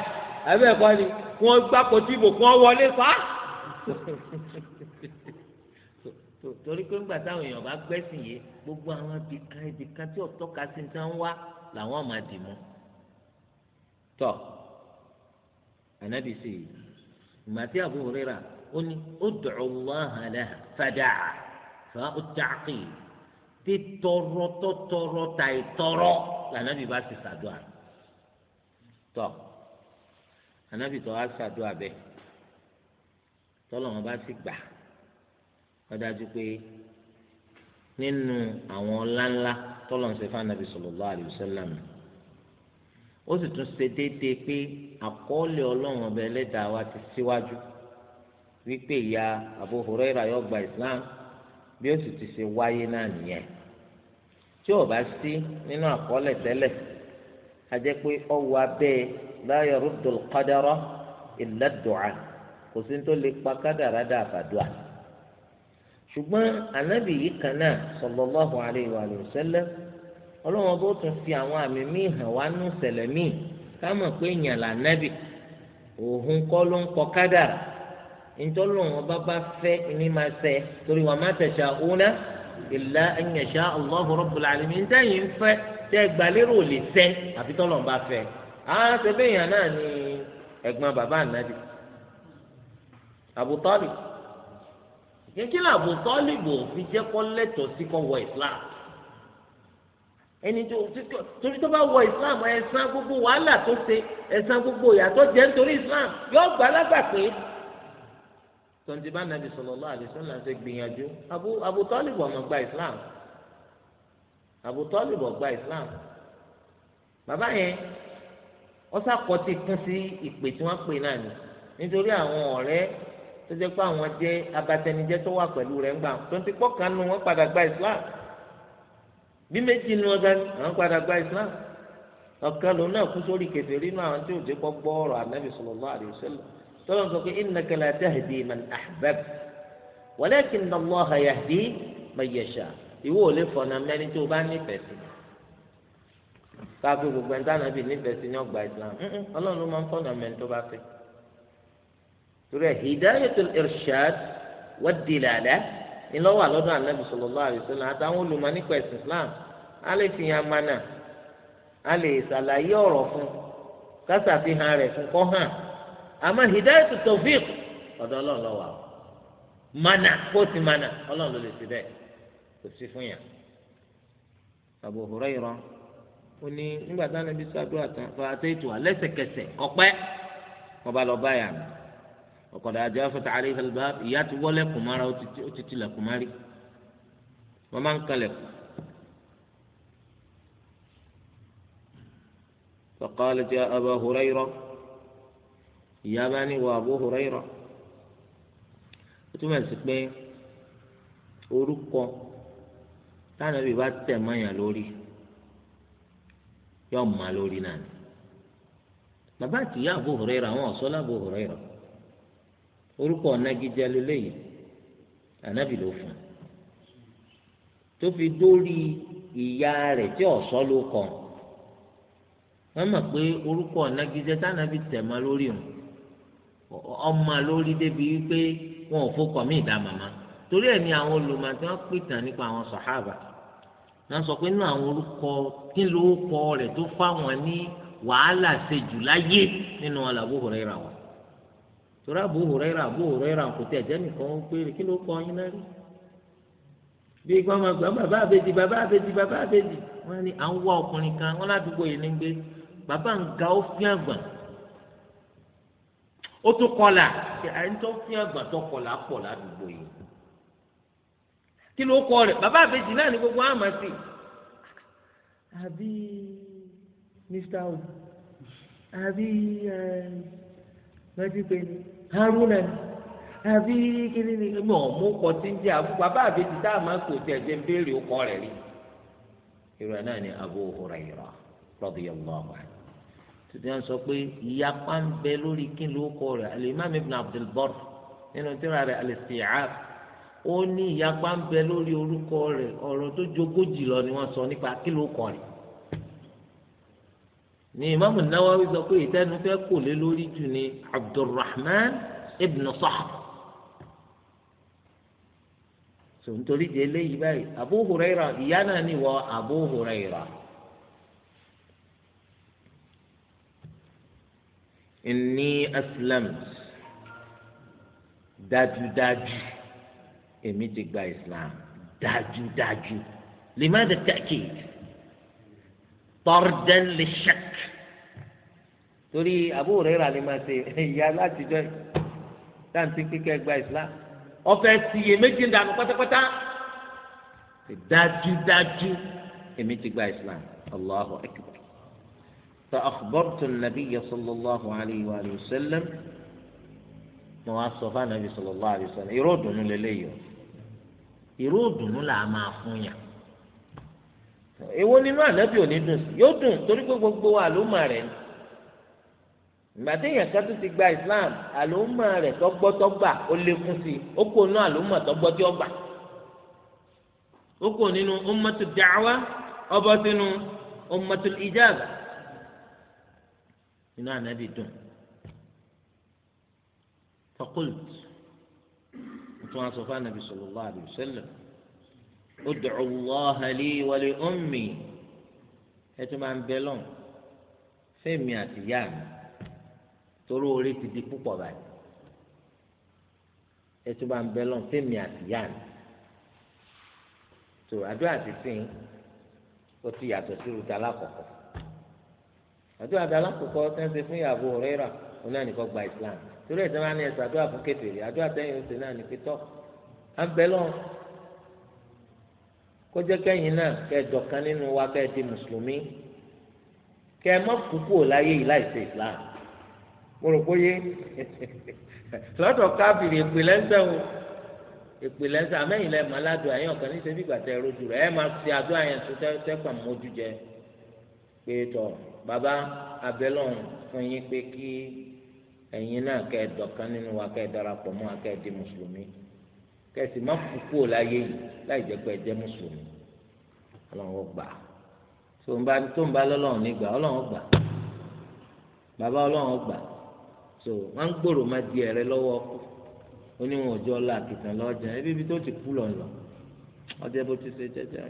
abẹ́ ẹ̀kọ́ ni kí wọ́n gbá kòtí ìbò kí wọ́n wọlé fa. torí pé ńgbà táwọn èèyàn bá gbẹ́sìn yìí gbogbo àwọn ibìkan ibìkan tí ọ̀tọ́ka sí ti ń wá làwọn máa dì mọ́ tọ ànábì sì ìgbà tí Abu Hurairah ó ní ud'u Allaha laha fada'a fa ta'qi títọrọ tọtọrọ tàìtọrọ lànàbì bá ti sàdúà tọ ànábì tó wá sàdúà bẹ́ẹ̀ tọlọmọ bá sì gbà ó dájú pé nínú àwọn ńláńlá tọlọmọ sẹfà ànábì sallallahu alaihi wasallam ó sì tún ṣe déédéé pé àkọọ́lẹ̀ ọlọ́run ọba ẹlẹ́dàá wa ti síwájú wípé ìyá Abu Huraira yóò gba Islam bí ó sì ti ṣe wáyé náà nìyẹn tí ò bá sí nínú àkọọ́lẹ̀ tẹ́lẹ̀ a jẹ́ pé ọwọ́ abẹ́ la yaruddul qadara illa kò sí tó lè pa kádàrá dà àfàdùà ṣùgbọ́n ànábì kan náà sallallahu alayhi wa sallam ọlọ́run ọba ó tún fi àwọn àmì míì hàn wá nù sẹ̀lẹ̀ míì ká mọ̀ pé èèyàn là nábì òun kọ́ ló ń kọ kádàrà ntọ́lọ́run ọba bá fẹ́ ní máa ṣẹ torí wa ma tasha'una illa an yasha Allahu rabbul alamin ntẹ́yìn ń fẹ́ tẹ́ gbalérò lè ṣẹ àfi tọ́lọ́run bá fẹ́ àá ṣe bẹ́yàn náà ni ẹ̀gbọ́n bàbá ànábì Abu Talib kékeré bò fi jẹ́ kọ́ lẹ́tọ̀ọ́ sí kọ́ wọ ìsìlámù ẹni tó torí tó bá wọ islam ẹ̀san gbogbo wàhálà tó ṣe ẹ̀san gbogbo ìyàtọ̀ jẹ́ nítorí islam yóò gbà lágbà pé tonti bá nàbì sallallahu alaihi wasallam ṣe gbìyànjú abu abu tọ́lìbù ọmọ gba islam abu tọ́lìbù ọgbà islam bàbá yẹn ọsàkọtì kún sí ìpè tí wọ́n pè náà ni nítorí àwọn ọ̀rẹ́ tó jẹ́ pé àwọn jẹ́ abatẹnijẹ́ tó wà pẹ̀lú rẹ̀ ń gbà tonti pọ̀ kan nu wọ́n padà gba islam. bí méjì ni wọ́n sáré àwọn padà gba islam ọ̀kan lòun náà kú sórí kèfèrí náà àwọn tí ò jẹ́ kó gbọ́ ọ̀rọ̀ anábì sallallahu alaihi wasallam tọ́lọ́ sọ pé ina innaka la tahdi man ahbab walakinna Allaha yahdi man yasha ìwọ ò lè fọ̀nà mẹ́rin tí o bá nífẹ̀ẹ́ sí káfí gbogbo eni ti nàbì nífẹ̀ẹ́ sí ní ọgbà islam ọlọ́run ló máa ń fọ̀nà mẹ́rin tó bá fẹ́ torí ẹ̀ hidayatul irshad wad dilala ńlọ́wọ́ àlọ́dún anábì sallallahu alaihi wasallam àtàwọn olùmọ̀ nípa ẹ̀sìn islam a lè fi hàn mana a lè ṣàlàyé ọ̀rọ̀ fún kásàfihàn rẹ̀ fún kọ́ hàn àmọ́ hidayatu tawfiq ọ̀dọ̀ ọlọ́run ló wà mana kó ti mana ọlọ́run ló lè ti bẹ́ẹ̀ kò sí fún yàn. Abu Hurayra ó ní nígbà táwọn ẹbí sádùn àtàn fa àtẹ́tù alẹ́sẹ̀kẹsẹ̀ kọ́pẹ́ wọn bá lọ báyà mi àjọ afẹ́tà àríyá ìyá ti wọlé kùmárà ó فقالت يا أبا هريرة يا بني وأبو هريرة وتمسك به orúkọ tánàbí bá tẹ̀ mọ́yàn lórí yóò mọ́ lórí náà ni bàbá àtìyá Abu Hurairah àwọn ọ̀sọ́lá Abu Hurairah orúkọ ọ̀nàgídíá lélẹ́yìí ànábì ló fún un tó fi dórí ìyá rẹ̀ tí ọ̀sọ́ ló kọ̀ ọ́ wọ́n mọ̀ pé orúkọ ọ̀nàgídẹ́ tánàbí tẹ̀mọ́ lórí òun ọmọ lórí débi wípé wọn ò fọkọ̀ mí ìdá màmá torí ẹ̀ ni àwọn olùmọ̀ tí wọ́n pìtàn nípa àwọn sàhábà wọ́n sọ pé nínú àwọn orúkọ kí ló kọ rẹ̀ tó fáwọn ní wàhálà ṣe jù láyé nínú wọn làbó Huraira wọn torí Abu Huraira Abu Huraira kò tẹ̀ jẹ́ nìkan ó pé kí ló kọ yín náà rí bí gbọ́n bàbá àbèjì bàbá àbèjì bàbá àbèjì wọ́n ní à ń wá ọkùnrin kan wọ́n ládùúgbò yìí ní gbé bàbá ń ga ó fi àgbà ó tún kọlà ẹni tó fi àgbà tó kọlà pọ̀ ládùúgbò yìí kí ló kọ rẹ̀ bàbá àbèjì náà ní gbogbo àmà sí àbí mr o àbí ẹ mẹjúgbe ni haruna ni àbí kíni ni mi ò mú kọ tí ń jẹ bàbá àbèjì tá a máa kò tẹ̀ jẹ́ ń béèrè ó kọ rẹ̀ rí irú náà ni Abu Hurairah radiyallahu anhu tòtí wọn sọ pé ìyapa ń bẹ lórí kí ló kọ rẹ̀ alimami ibn abdulbar nínú tírà rẹ̀ al-Isti'ab ó ní ìyapa ń bẹ lórí orúkọ rẹ̀ ọ̀rọ̀ tó jogójì lọ ni wọ́n sọ nípa kí ló kọ rẹ̀ ni imaamu nawawi sọ pé ìtẹnu fẹ́ kò lé lórí jù ní abdulrahman ibn Sahl sọ nítorí di eléyìí báyìí abu huraira ìyá náà ni wọ abu huraira. inni aslamt dájúdájú èmi ti gba islam dájúdájú limada ta'kid le lishak torí Abu Hurairah lè máa ṣe ìyá látijọ́ dantí kíkẹ́ gba islam ọ̀fẹ́ sí méjì ń dànù pátápátá dájúdájú èmi ti gba islam Allahu akbar. فأخبرت النبي صلى الله عليه وآله وسلم مواصفة النبي صلى الله عليه وسلم يرودون لليه يرودون لما أخويا èwo nínú ànábì ò ní dùn sí yóò dùn torí pé gbogbo àlùmọ rẹ ni ìgbàdéyàn kan tó ti gba Islam àlùmọ rẹ tọgbọtọgbà ó lékún sí i ó kó nínú àlùmọ tọgbọtí ọgbà ó kó nínú ummatu da'wa ọbọ sínú ummatu ijaba inú ànábì dùn fakult tí wọn sọ fún ànábì sallallahu alaihi wasallam ud'u Allaha li wa li ummi ẹ tún máa ń bẹ lọ́n fẹ́mi àti ìyá mi torí orí ti di púpọ̀ báyìí ẹ tún máa ń bẹ lọ́n fẹ́mi àti ìyá mi tó àdúrà ti sìn ó ti yàtọ̀ sí ruta lákọ̀ọ́kọ́ àdúrà àdàlà kòkó tẹ́ ń ṣe fún ìyàwó rẹ̀ rà òun náà nìkan gba Islam torí ẹ̀ tí wọ́n á ní ẹ̀sìn àdúrà fún kékeré àdúrà tẹ́yìn oṣù náà ní pétọ́ à ń bẹ lọ́n kó jẹ́ kẹ́yìn náà kẹ́ ẹ dọ̀kan nínú wa kẹ́ ẹ di mùsùlùmí kẹ́ ẹ má kúkú ò láyé yìí láì ṣe Islam mo rò pé lọ́dọ̀ káfíìrì ìpìlẹ̀ ń sẹ́wọ̀n ìpìlẹ̀ ń sẹ́wọ̀n amẹ́yìn lẹ́ mọ́ àyàn ọ̀kan ní sẹ́bí ìgbà rojú rẹ̀ ẹ máa ṣe àdúrà yẹn tó tẹ́ pàmò ojú jẹ pé tọ̀ bàbá abẹ́lọ́hún fún yín pé kí ẹ̀yin náà kẹ́ ẹ dọ̀kan nínú wa kẹ́ ẹ darapọ̀ mọ́ wa kẹ́ ẹ di mùsùlùmí kẹ́ ẹ sì má kú kúrò láyé yìí láì jẹ́ pé ẹ jẹ́ mùsùlùmí ọlọ́run gbà tó ń bá tó ń bá lọ́lọ́run nígbà ọlọ́run gbà bàbá ọlọ́run gbà tó wọ́n ń gbòòrò má di ẹ̀rẹ́ lọ́wọ́ oníwọ̀n ọjọ́ ọ̀la àkìtàn lọ́jà ẹbí ibi tó ti kú lọ lọ ọjọ́ bó ti ṣe jẹ́jẹ́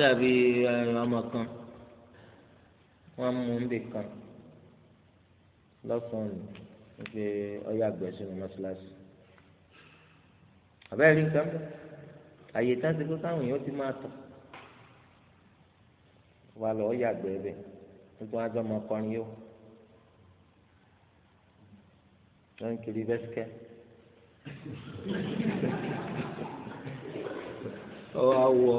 rẹ̀ ọmọ kan wọ́n mú un bìkan lọ́sàn-án ní pé ọyọ àgbẹ̀ sínú mọ́ṣáláṣí àbẹ́rẹ́ rí nǹkan bẹ́ẹ̀ àyè tán ti kó káwọn èèyàn ti máa tọ̀ wà lọ ọyọ àgbẹ̀ bẹ́ẹ̀ nítorí wọn adọ́ ọmọkùnrin yó wọ́n kiri bẹ́sikẹ́ ọ wá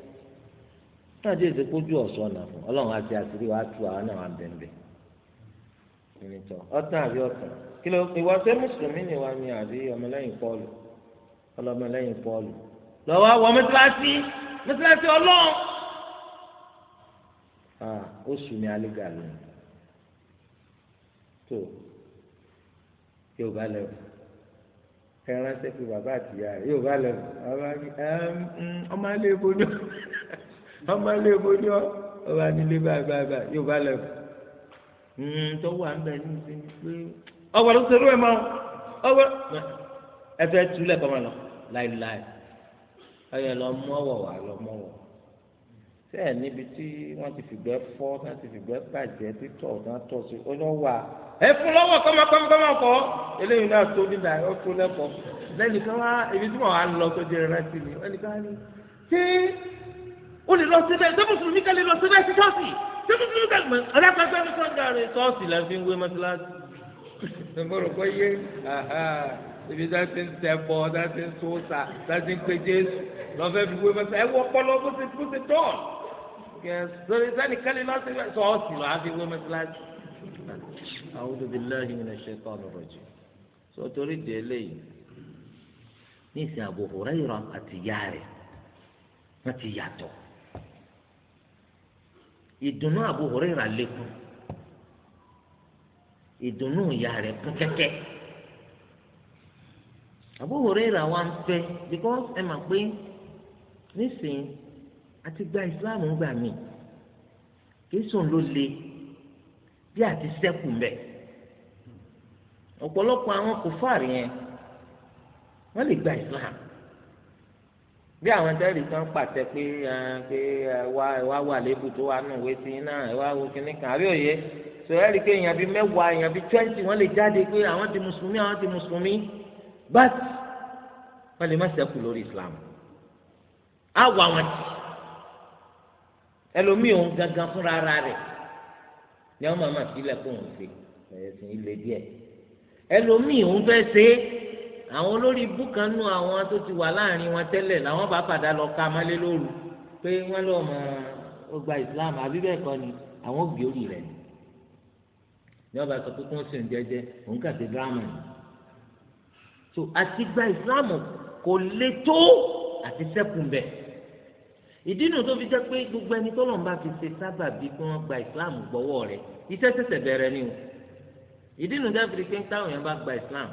náà tí èsì kójú ọ̀sọ́ náà fún ọlọ́run àti àṣírí wàá tu àwọn náà wà bẹ̀m̀bẹ̀ ìrìntọ́ ọ̀tàn àbí ọ̀tàn kí ló ìwà ṣé mùsùlùmí ni wà ní àbí ọmọlẹ́yìn pọ́ọ̀lù ọlọmọlẹ́yìn pọ́ọ̀lù lọ́wọ́ wọ mẹ́tíláṣí mẹ́tíláṣí ọlọ́run ó sùn ní alígà lónìí tó yóò bá lẹ́wọ̀ ẹ ránṣẹ́ pé bàbá àtìyá rẹ̀ yóò bá lẹ́wọ̀ ọmọ alẹ́ ìbò náà ọmọ ilé ìbò ni ọ ọba nílé báyìí báyìí báyìí yóò bá lẹ hmm, tó wà ń bẹ ní ìsinmi pé ọwọ ló ṣerú ẹ mọ ọwọ ẹ fẹ túlẹ kọmọ lọ láìláì ọyẹ lọ mú ọwọ wà lọ mú ọwọ sẹ́ẹ̀ níbi tí wọ́n ti fìgbẹ́ fọ́ wọ́n ti fìgbẹ́ bàjẹ́ títọ̀ ọ̀dà tọ̀ sí ọlọ́wà ẹ fún lọ́wọ́ kọ́mọkọ́mọkọ́mọ kọ́ eléyìí náà tó nílà ó tó lẹ́kọ̀ọ́ lẹ́nìkan wá ibi tí wọ́n wá lọ tó jẹ́ rántí ni ẹnìkan ó lè lọ síbẹ̀ ṣé mùsùlùmí kan lè lọ síbẹ̀ sí ṣọ́ọ̀ṣì ṣé mùsùlùmí kan lè ọ̀dàpẹ́pẹ́ ní sọ́ńdà rẹ̀ ṣọ́ọ̀ṣì la fi ń wé mọ́tíláṣí. mo rò pé yé ibi tá a ti ń tẹ̀bọ̀ tá a ti ń sọ́ọ̀ṣà tá a ti ń pe Jésù lọ́fẹ́ fi wé mọ́tíláṣí ẹ wọ pọ́lọ́ bó ti bó ti tọ́ sori sani kálí lọ síbẹ̀ ṣọ́ọ̀ṣì la fi wé mọ́tíláṣí. A'udhu billahi minash shaitanir rajim sọtori di eléyìí ní ìsìn Abu àti ìyá rẹ̀ wọ́n ti yàtọ̀ ìdùnnú Abu Hurairah lékún ìdùnnú ìyá rẹ̀ kún kẹ́kẹ́ Abu wa ń fẹ because ẹ mà pé nísìnyí àti gba ìsìláàmù ń gbà mí kìí ló le bí àti sẹ́kù ọ̀pọ̀lọpọ̀ àwọn kò rí yẹn wọ́n lè bí àwọn tẹ́lẹ̀ kan pàṣẹ pé pé wá wá wà lébù tó wà nù wé sí náà wá wo kíní kan àbí òye sọ ẹ́ i pé èèyàn bíi mẹ́wàá èèyàn bíi twenty wọ́n lè jáde pé àwọn ti mùsùlùmí àwọn ti mùsùlùmí but wọ́n lè má ṣẹ́kù lórí Islam á wà wọn tì ẹlòmíì òun gangan fúnra ara rẹ̀ ni wọ́n máa ma fi ilẹ̀ kó òun ṣe ẹ̀sìn ilé díẹ̀ ẹlòmíì òun fẹ́ ṣe é àwọn olórí ibú kan nù àwọn tó ti wà láàrin wọn tẹ́lẹ̀ làwọn bá padà lọ ka amálé lóru pé wọ́n lọ mọ ọgbà Islam àbí bẹ́ẹ̀ kọ́ ni àwọn òbí orí rẹ̀ ni ní ọba sọ pé kí wọ́n sìn jẹjẹ òun kà sí dírámà ni so àti gba Islam kò le tó àti sẹ́kùn bẹ́ẹ̀ ìdí nu tó fi jẹ́ pé gbogbo ẹni tó lọ́nba fi ṣe sábà bí kí wọ́n gba Islam gbọ́wọ́ rẹ̀ iṣẹ́ ṣẹ̀ṣẹ̀ bẹ̀rẹ̀ ni o ìdí nu jẹ́ pé táwọn yẹn gba Islam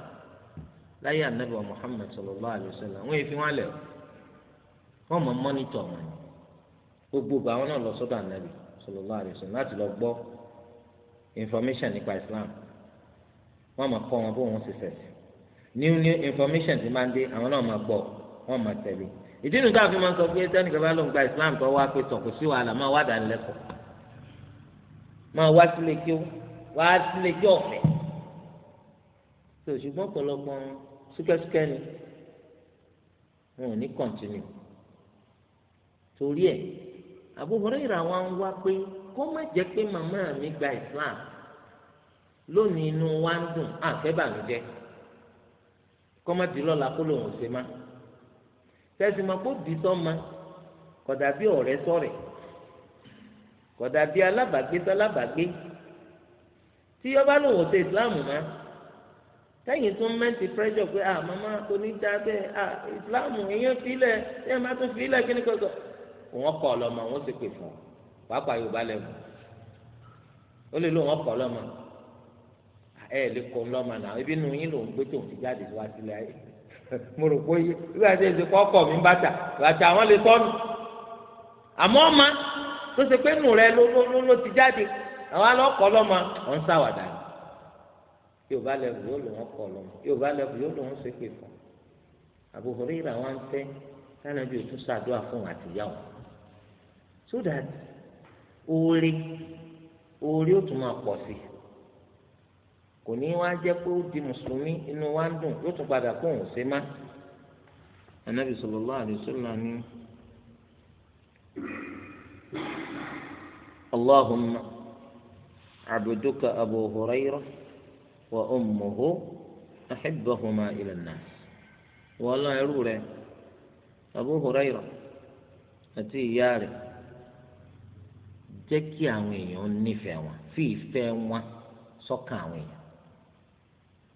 láyé anabi wa muhammed sallallahu alayhi wa sallam wọ́n yìí fi wọ́n lẹ̀ wọ́n mọ̀ mọ́nítọ̀ wọn gbogbo ìgbà wọn náà lọ sọ́dọ̀ anabi sallallahu alayhi wa sallam láti lọ gbọ́ information nípa islam wọ́n mọ̀ kọ́ wọn bó wọn ṣe fẹ̀sì new new information ti máa ń dé àwọn náà máa gbọ́ wọ́n máa tẹ̀lé ìdí nu táwọn fi máa ń sọ pé sẹ́nìkan bá ló ń gba islam tó wá pé tọ̀kù sí wàhálà máa wá dánilẹ́kọ̀ọ́ máa wá sílé kí ó wá sílé kí ọ̀fẹ́ tó ṣùgbọ́n ọ̀pọ̀lọpọ̀ wọn súkẹ́súkẹ́ ni wọn ò ní kọ́ntínú torí ẹ̀ Abu Hurairah wa ń wá pé kó má jẹ́ pé màmá mi gba Islam lónìí inú wa ń dùn àfẹ́bàmíjẹ́ kó má di lọ́la kó lòun ṣe má tẹ̀sí ma kó di tọ́ ma kódà bí ọ̀rẹ́ sọ̀rẹ́ kódà bí alábàgbé sọ alábàgbé tí yọba lòun ṣe Islam máa sẹ́yìn tún mẹ́ǹtì pẹ́jọ pé à ah, màmá kò ní dá bẹ́ẹ̀ à ah, ìsìláàmù èèyàn filẹ̀ ṣé ẹ má tún filẹ̀ kí ni kankan. wọ́n kọ́ ọlọ́mọ wọ́n sì pè fún ọ pàápàá yorùbá lẹ́wọ̀n ó lè lò wọ́n kọ́ ọlọ́mọ ẹ lè kọ́ ọlọ́mọ náà ibi nu yín lòún gbé tòun ti jáde wá sílẹ̀ ayé mo rò pé ìgbà tí èsì kọ́kọ́ mi bàtà bàtà àwọn lè tọ́nu àmọ́ ọmọ tó ṣe pé nù rẹ ló ti jáde àwọn alọ́kọ́ ọlọ́mọ ọ̀ ń sáwàdà yorùbá lẹ́bù yóò lò wọ́n kọ̀ lọ yorùbá lẹ́bù yóò lò wọ́n ṣépè fún Abu Hurairah wọn fẹ́ kánàbí o tún ṣàdúrà fún àtìyá so that oore oore ó tún máa pọ̀ sí i kò ní wá jẹ́ pé ó di mùsùlùmí inú wa ń dùn yóò tún padà kó òun ṣe má anabi sallallahu alaihi wasallam ni allahumma abu hurairah. وأمه أحبهما إلى الناس والله يروره أبو هريرة أتي ياري jẹ́ kí àwọn èèyàn nífẹ̀ẹ́ wọn fi ìfẹ́ wọn sọ́kàn àwọn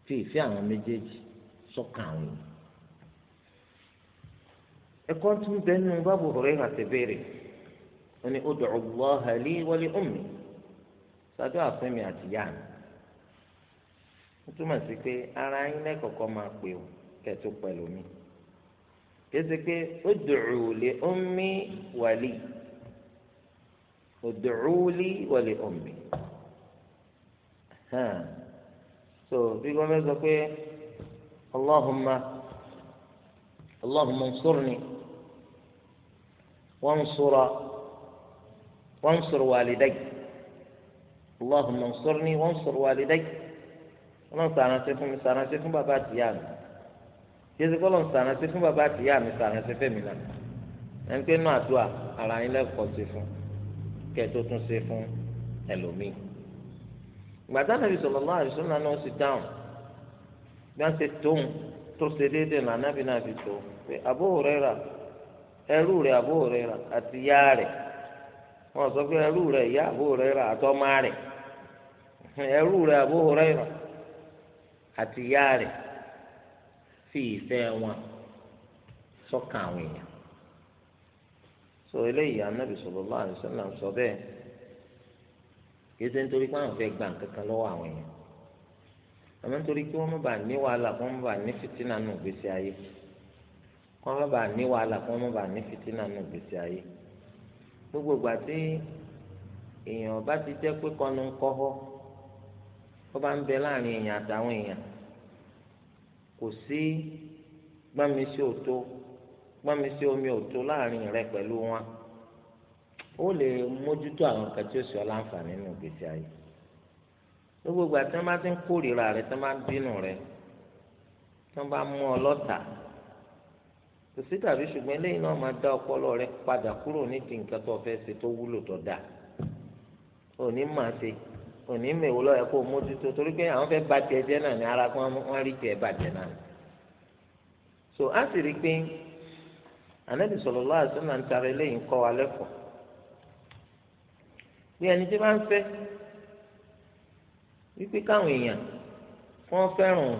fi ìfẹ́ àwọn méjèèjì sọ́kàn wọn túmọ̀ sí pé ara yín lẹ́kọ̀ọ́kọ́ máa pè ó kẹtù pẹ̀lú mi kéde pé ud'u li ummi wa li ud'u li wa li ummi so bí wọ́n fẹ́ sọ pé allahumma allahumma ansurni wansur wansur waliday allahumma ansurni wàlí waliday. ọlọ́run sàránṣẹ́ fún mi sàránṣẹ́ fún bàbá àtìyá mi jésù kọ́ lọ́run sàránṣẹ́ fún bàbá àtìyá mi sàránṣẹ́ fẹ́mi náà ẹni pé náà àdúrà ara yín lẹ́kọ̀ọ́ ṣe fún kẹ́ ẹ tó tún ṣe fún ẹlòmíì gbàtà nàbì sallallahu alaihi wasallam náà sì dáhùn bí wọ́n ṣe tóun tó ṣe déédéé náà nàbì náà fi tó pé Abu Hurairah ẹrú rẹ̀ Abu Hurairah àti yá rẹ̀ wọ́n sọ pé ẹrú rẹ̀ ìyá Abu Hurairah àtọ́mọ́ rẹ̀ ẹrú rẹ̀ Abu Hurairah àti ìyá rẹ̀ fi ìfẹ́ wọn sọ́kàn àwọn èèyàn so eléyìí anábì sallallahu alaihi sọ bẹ́ẹ̀ kìí nítorí pé àwọn fẹ́ gba nǹkan lọ́wọ́ àwọn èèyàn àmọ́ nítorí pé wọ́n má bàa ní wàhálà kó wọ́n má bàa ní fìtínà nù gbèsè ayé kó wọ́n má bàa ní wàhálà wọ́n gbogbo ìgbà tí èèyàn ti jẹ́ pé kọ́nu ń ọba bá ń bẹ láàrin èèyàn àtàwọn èèyàn kò sí gbọ́nmi sí òtó gbọ́nmi sí omi òtó láàrin rẹ pẹ̀lú wọn ó lè mójútó àwọn kan tí ó sì ọ láǹfààní nínú ìgbésí ayé gbogbo ìgbà tí wọ́n bá ti ń kórìíra rẹ tí wọ́n bá ń bínú rẹ tí wọ́n bá mú ọ lọ́tà kò sí tàbí eléyìí náà máa dá ọpọlọ rẹ padà kúrò nídìí nǹkan tó fẹ́ òní mèwó lọ yẹ kó o mójútó torí pé àwọn fẹ́ ba tiẹ̀ náà ní ara kí wọ́n rí tiẹ̀ bàjẹ́ náà so a sì rí i pé anabi sallallahu alaihi wasallam ń tara eléyìí ń kọ́ wa lẹ́kọ̀ọ́ bí ẹni tí wọ́n fẹ́ wípé káwọn èèyàn wọ́n fẹ́ràn òun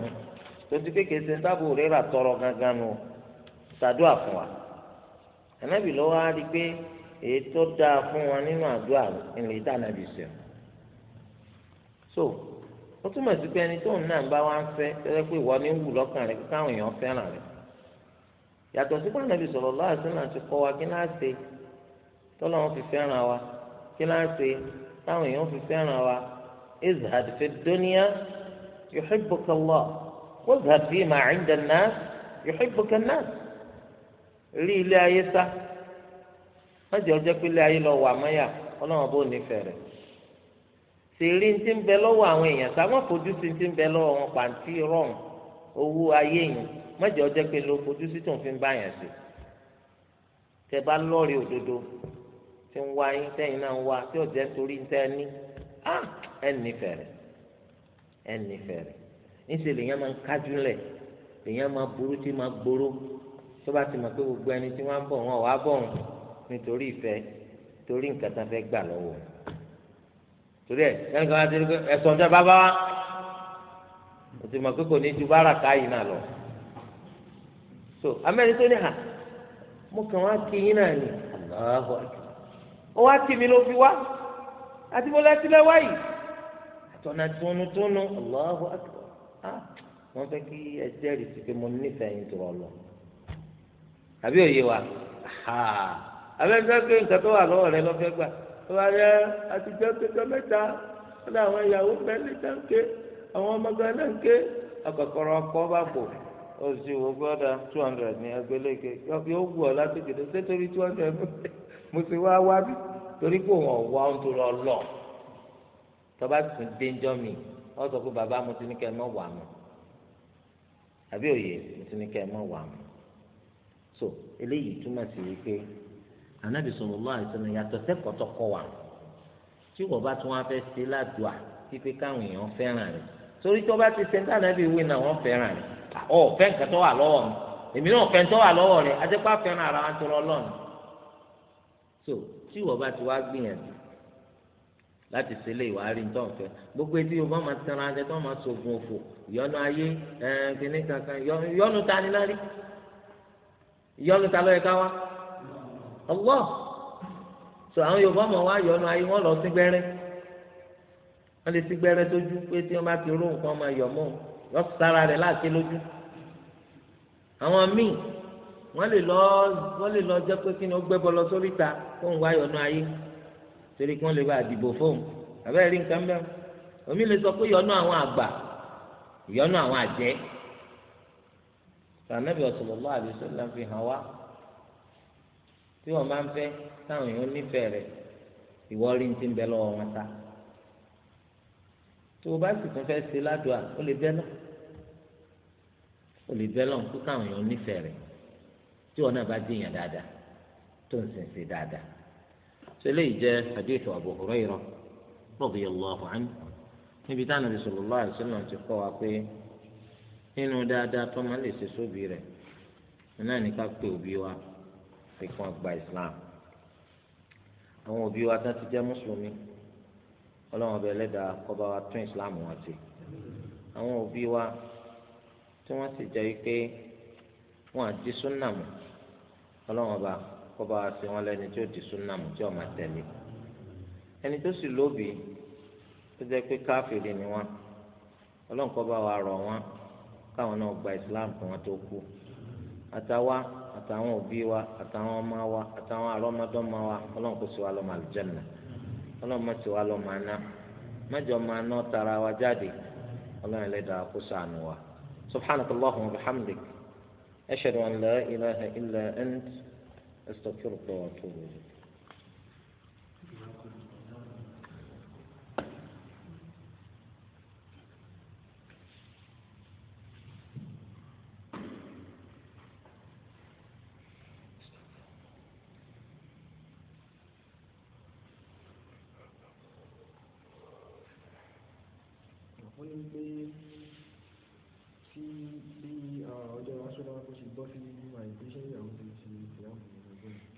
tontu kékeré ṣe ń dábò rírà tọrọ gangan nù ṣàdúrà fún anabi lọ́wọ́ á rí i pé èyí tó dáa fún wa nínú àdúrà ńlẹ̀ tá anabi sẹ́wọ̀n. so otu túmọ̀ sí pé ẹni tóun náà bá wá ń fẹ́ tẹ́lẹ̀ pé ìwọ ni ń wù lọ́kàn rẹ̀ káwọn èèyàn fẹ́ràn rẹ̀ yàtọ̀ sí pàṣẹ nàbì sọ̀rọ̀ lọ́wọ́ àti náà ti kọ́ wa kí náà ṣe tọ́lọ́wọ́n fi fẹ́ràn wa kí náà ṣe na èèyàn fi fẹ́ràn wa izhad fi dunya yuhibbuka Allah wa izhad fi ma 'inda an-nas yuhibbuka an-nas rí ilé ayé sá má jẹ́ ọjọ́ pé ilé ayé lọ wà mọ́yà ọlọ́wọ́n bó sèrí ń ti ń bẹ lọ́wọ́ àwọn èèyàn sáwọn fojú sí ń ti ń bẹ lọ́wọ́ wọn pàǹtí rọ̀hún owó ayé yìí mọ́jọ́ jẹ́ pé ló fojú sí tòun fi ń bá yàn sí tẹ bá lọ́ọ̀rì òdodo tí ń wá yín tẹ́yìn náà ń wá tí ò jẹ́ torí ń tẹ́ ní ẹ nífẹ̀ẹ́ ẹ nífẹ̀ẹ́ níṣẹ́ lèèyàn máa ń kájú lẹ̀ lèèyàn máa burú tí máa gbóró tó bá ti mọ̀ pé gbogbo ẹni tí wọ́n ń bọ̀ wọn wàá bọ̀ wọn nítorí ìfẹ́ torí nǹkan tá fẹ́ gbà lọ́wọ́ wọn torí ẹ sẹ́ni kan láti rí ẹ̀sọ́ ọjọ́ bàbá wa o ti mọ̀ pé kò ní ju báràkà yìí náà lọ so amẹ́ni tó ní hà mo kàn wá kí yín náà ni aláhùn àti ó wá tì mí ló fi wá àti mo lẹ́sí lẹ́wọ́ yìí àtọ̀nà túnútúnú aláhùn àti wọ́n fẹ́ kí ẹ jẹ́rìí sí pé mo nífẹ̀ẹ́ yín tó rọ lọ àbí òye wa àbẹ́ni tó nǹkan tó wà lọ́wọ́ rẹ lọ́fẹ́ gbà ọ̀rẹ́ àtijọ́ pẹ̀tọ́ mẹ́ta ọ̀dọ̀ àwọn ìyàwó pẹ́ẹ́lí náà ń ké àwọn ọmọ gan náà ń ké akọ̀kọ̀rọ̀ ọkọ̀ bá bò oṣù wo gbọ́dọ̀ two hundred ní agbéléke yóò wù ọ́ láti kéde ṣé torí two hundred mo ti wá wá bí torí pé òun ọ̀wá ń tó lọ lọ tọ́ba tún déńjọ́ mi wọ́n sọ pé bàbá mo ti ní kẹ́ ẹ mọ́ wà mọ́ àbí òye mo ti ní kẹ́ ẹ wà mọ́ so eléyìí túmọ̀ sí wípé anabi sallallahu alaihi wasallam yàtọ̀ sẹkọtọ kọ wa tí wọn bá tún wọn fẹ́ ṣe ládùá pípé káwọn èèyàn fẹ́ràn rẹ̀ torí tí wọn bá ti sẹńtà anabi wí náà wọn fẹ́ràn rẹ̀ ọ fẹ́ nǹkan tó wà lọ́wọ́ mi èmi náà fẹ́ tó wà lọ́wọ́ rẹ̀ adépa fẹ́ràn ara wọn tó lọ lọnà so tí wọn bá ti wá gbìyànjú láti ṣe lé ìwà rí nítorí fẹ́ gbogbo etí yorùbá máa tẹnra jẹ tó máa sọgùn òfò ìyọnu ayé ẹn kìnnìkan kan tani lárí ìyọnu ta ló yẹ ká wá Allah so àwọn Yorùbá mọ̀ wá yọnu ayé wọn lọ sí gbẹrẹ wọn lè sí gbẹrẹ tójú pé tí wọn bá ti ró nǹkan máa yọ mọ wọn sára rẹ láti lójú àwọn míì wọn lè lọ wọn lè lọ jẹ pé kí ni ó gbẹbọ lọ sórí ta kó ń wá yọnu ayé torí kí wọn lè bá àdìbò fóun àbẹ́rẹ́ rí nǹkan mẹ́rin omi lè sọ pé yọnu àwọn àgbà yọnu àwọn àjẹ́ sànẹ́bí sallallahu alaihi wasallam fi hàn wá tí wọn bá ń fẹ́ táwọn èèyàn nífẹ̀ẹ́ rẹ̀ ìwọ rí ti ń bẹ lọ́wọ́ wọn ta tó o bá sì tún fẹ́ ṣe ládùá ó lè bẹ lọ ó lè bẹ lọ kó káwọn èèyàn nífẹ̀ẹ́ rẹ̀ tí wọn náà bá dìyàn dáadáa tó ń sìn sí dáadáa ṣe eléyìí jẹ́ hadith Abu Hurairah radiyallahu anhu níbi táwọn Nabi sallallahu alaihi wasallam ti kọ́ wa pé nínú dáadáa tó máa lè ṣe sóbì rẹ̀ náà ní pé òbí wa pé kí wọ́n gba islam àwọn òbí wa tán ti jẹ́ mùsùlùmí ọlọ́run ọbẹ̀ ẹlẹ́dàá kọba wa tún islam wọn sí àwọn òbí wa tí wọ́n sì jẹ́ wípé wọ́n àti súnà mọ́ ọlọ́run ọba kọba wa sí wọn lẹ́ni tí ó di súnà tí ó máa ẹni tó sì lóbi tó jẹ́ pé káfíìrì ni wọ́n ọlọ́run kọba wa rọ̀ wọ́n káwọn náà gba islam kí wọ́n tó kú àtàwa àtàwọn òbí wa àtàwọn ọmọ wa àtàwọn àrọ́mọdọ́mọ wa ọlọ́run kò sí wa lọ́mọ àlùjànnà ọlọ́run má sì wa lọ́mọ aná mẹ́jọ máa ná tara wa jáde ọlọ́run ẹlẹ́dàá kó ṣàánú wa subhanakallahu wa bihamdik ashhadu an la ilaha illa ant astaghfiruka wa atubu ilayk.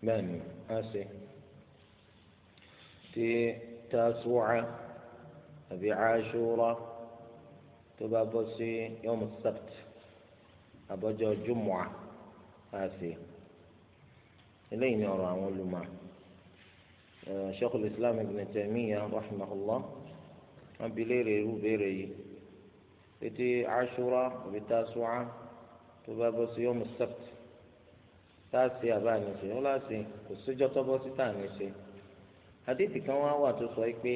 ثمانية آسي تي تاسوعة أبي عاشورة تبابوسي يوم السبت أبو جمعة آسي إلين يرى ولما آه، شيخ الإسلام ابن تيمية رحمه الله أبي ليري روبيري تي عاشورة أبي تاسوعة يوم السبت sáàsì àbáàníṣe wọn láti kò síjọ tọbọ síta níṣe àdéhìí kan wá wà tó sọ pé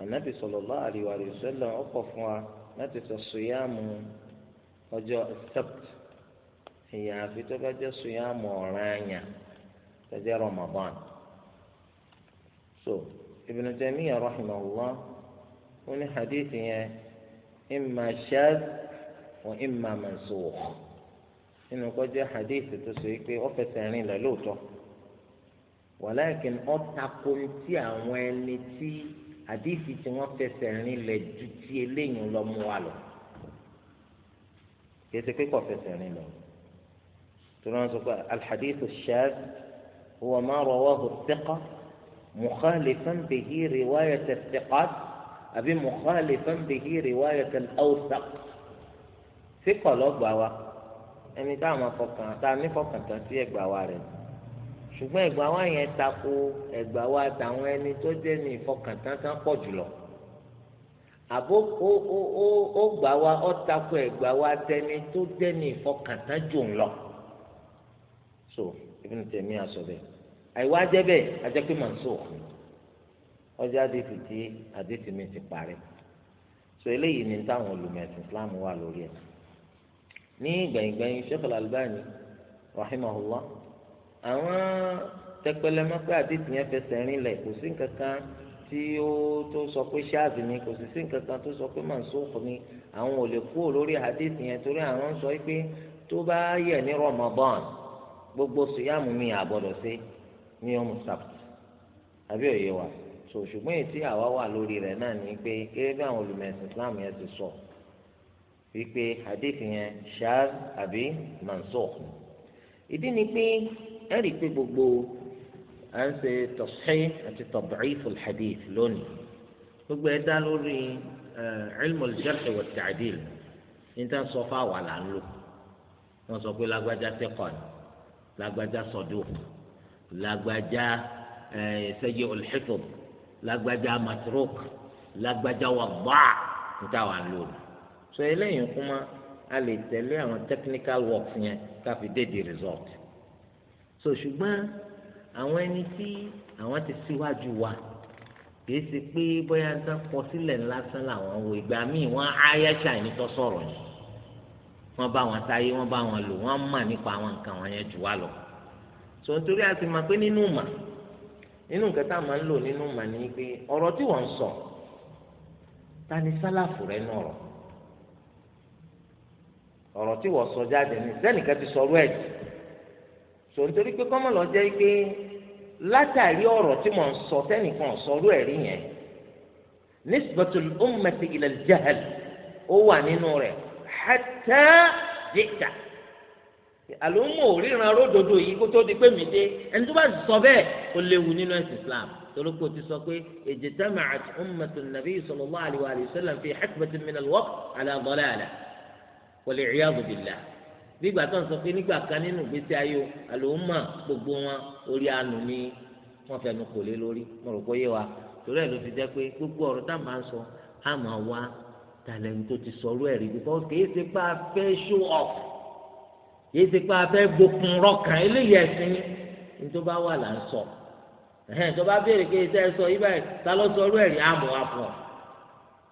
ànábì sallallahu alaihi wa sallam ọkọ fún wa láti sọ sùyàmù ọjọ́ sept èèyàn àfi tó bá jẹ sùyàmù ọ̀ranyàn tó jẹ́ Ramadan so Ibn Taymiyyah rahimahullah wọn ní àdéhìí yẹn imma shadh wa imma mansukh. nínú kọjá hadithi tó so yìí pé ó fẹsẹ̀ rìn lẹ̀ lóòótọ́ wàláàkín ó tako ti àwọn ẹni tí hadithi tí wọ́n fẹsẹ̀ rìn lẹ̀ ju ti eléyìn lọ mú wa lọ kìí ṣe pé kò fẹsẹ̀ rìn lọ tó náà sọ pé alhadith shaz huwa ma rawahu thiqa mukhalifan bihi tẹ tẹ́kọ́ àbí mukhalifan bihi riwayat al-awthaq thiqa lọ́gbàá wa. ẹni tá a máa fọkàn tá a ní fọkàn tán sí ẹgbà wa rẹ̀ ṣùgbọ́n ẹgbà wa yẹn tako ẹgbà wa tàwọn ẹni tó jẹ́ ní ìfọkàntán tán pọ̀ jùlọ àbó ó ó ó ó gbà wa ó tako ẹgbà wa tẹni tó jẹ́ ní ìfọkàntán jù ń lọ so Ibn Taymiyyah sọ bẹ́ẹ̀ àìwá jẹ́ bẹ́ẹ̀ ajẹ́ pé mansukh ọjọ́ àdìsí tí àdìsí mi ti parí so eléyìí ni táwọn olùmọ̀ ẹ̀sìn Islam wà lórí ẹ̀ ní gbẹ̀yìngbẹ̀yìn Sheikh Al-Albani rahimahullah àwọn tẹpẹlẹmọpẹ àdìtì yẹn fẹsẹ̀ rinlẹ̀ kò sí nǹkan kan tí ó tó sọ pé ṣáàzì ni kò sì sí nǹkan kan tó sọ pé màsóòkù ni àwọn ò lè kúrò lórí àdìtì yẹn torí àwọn ń sọ pé tó bá yẹ ní Ramadan gbogbo sùyàmù mi àbọ̀dọ̀ sí ní ọmọ sàbùtù àbí òye wa so ṣùgbọ́n àwa wà lórí rẹ̀ náà ni pé gẹ́gẹ́ àwọn olùmọ̀ ẹ̀sìn Islam yẹn ti sọ. So wípé hadith yẹn shaz àbí mansukh ìdí ni pé ẹ rí i pé gbogbo à ń ṣe tashih àti tad'iful hadith lónìí gbogbo ẹ dá lórí ilmul jarh wa ta'dil níta sọ fáwa là ń lò wọn sọ pé lágbájá thiqa lágbájá saduq lágbájá sayyi'ul hifz lágbájá matruk lágbájá wadda' níta wà ń lò ní so eléyìí kúmá a lè tẹ̀lé àwọn technical work yẹn káfi dédé result so ṣùgbọ́n àwọn ẹni tí àwọn ti síwájú wa kìí ṣe pé bóyá ń tán kọ sílẹ̀ lásán làwọn wo ìgbà míì wọ́n áyá ṣàyìn tó sọ̀rọ̀ yìí wọ́n bá wọn táyé wọ́n bá wọn lò wọ́n mọ̀ nípa àwọn nǹkan wọn yẹn jù wá lọ so nítorí a ti mọ̀ pé nínú mà nínú nǹkan tá a máa ń lò nínú mà ni pé ọ̀rọ̀ tí wọ́n ń sọ ta ni sálàfù rẹ̀ náà rọ̀ ọ̀rọ̀ tí wọ́n sọ jáde ní sẹ́nìkan ti sọ̀rọ̀ ẹ̀ sọ nítorí pé kọ́mọ̀ lọ jẹ́ pé látàrí ọ̀rọ̀ tí mò ń sọ sẹ́nìkan sọ̀rọ̀ ẹ̀ rí yẹn nisbatul ummati ila al-jahl ó wà nínú rẹ̀ hatta jìkà àlùmọ̀ òríran ródòdó yìí kó tó di pé mi dé ẹni tó bá sọ bẹ́ẹ̀ ó léwu nínú ẹ̀sìn Islam torókò ti sọ pé ijtama'at ummatu an-nabi sallallahu alayhi wa sallam fi wal iyadu billah bí ìgbà tó ń sọ pé nígbà kan nínú ìgbésí ayé àlòmọ gbogbo wọn orí àánú ni wọn fẹnu kò lé lórí mo rò pé yé wa torí ẹ ló fi jẹ pé gbogbo ọ̀rọ̀ tá a máa ń sọ á máa wá tàlẹ́nu tó ti sọ̀rọ̀ ẹ̀rí because kì í ṣe pé a fẹ́ show off kì ṣe pé a fẹ́ gbókun rọkàn eléyìí ẹ̀sìn ní tó bá wà là ń sọ ẹ̀hẹ́n tó bá béèrè pé iṣẹ́ sọ yí báyìí ta ló sọ̀rọ̀ ẹ̀rí àmọ́ àfọ̀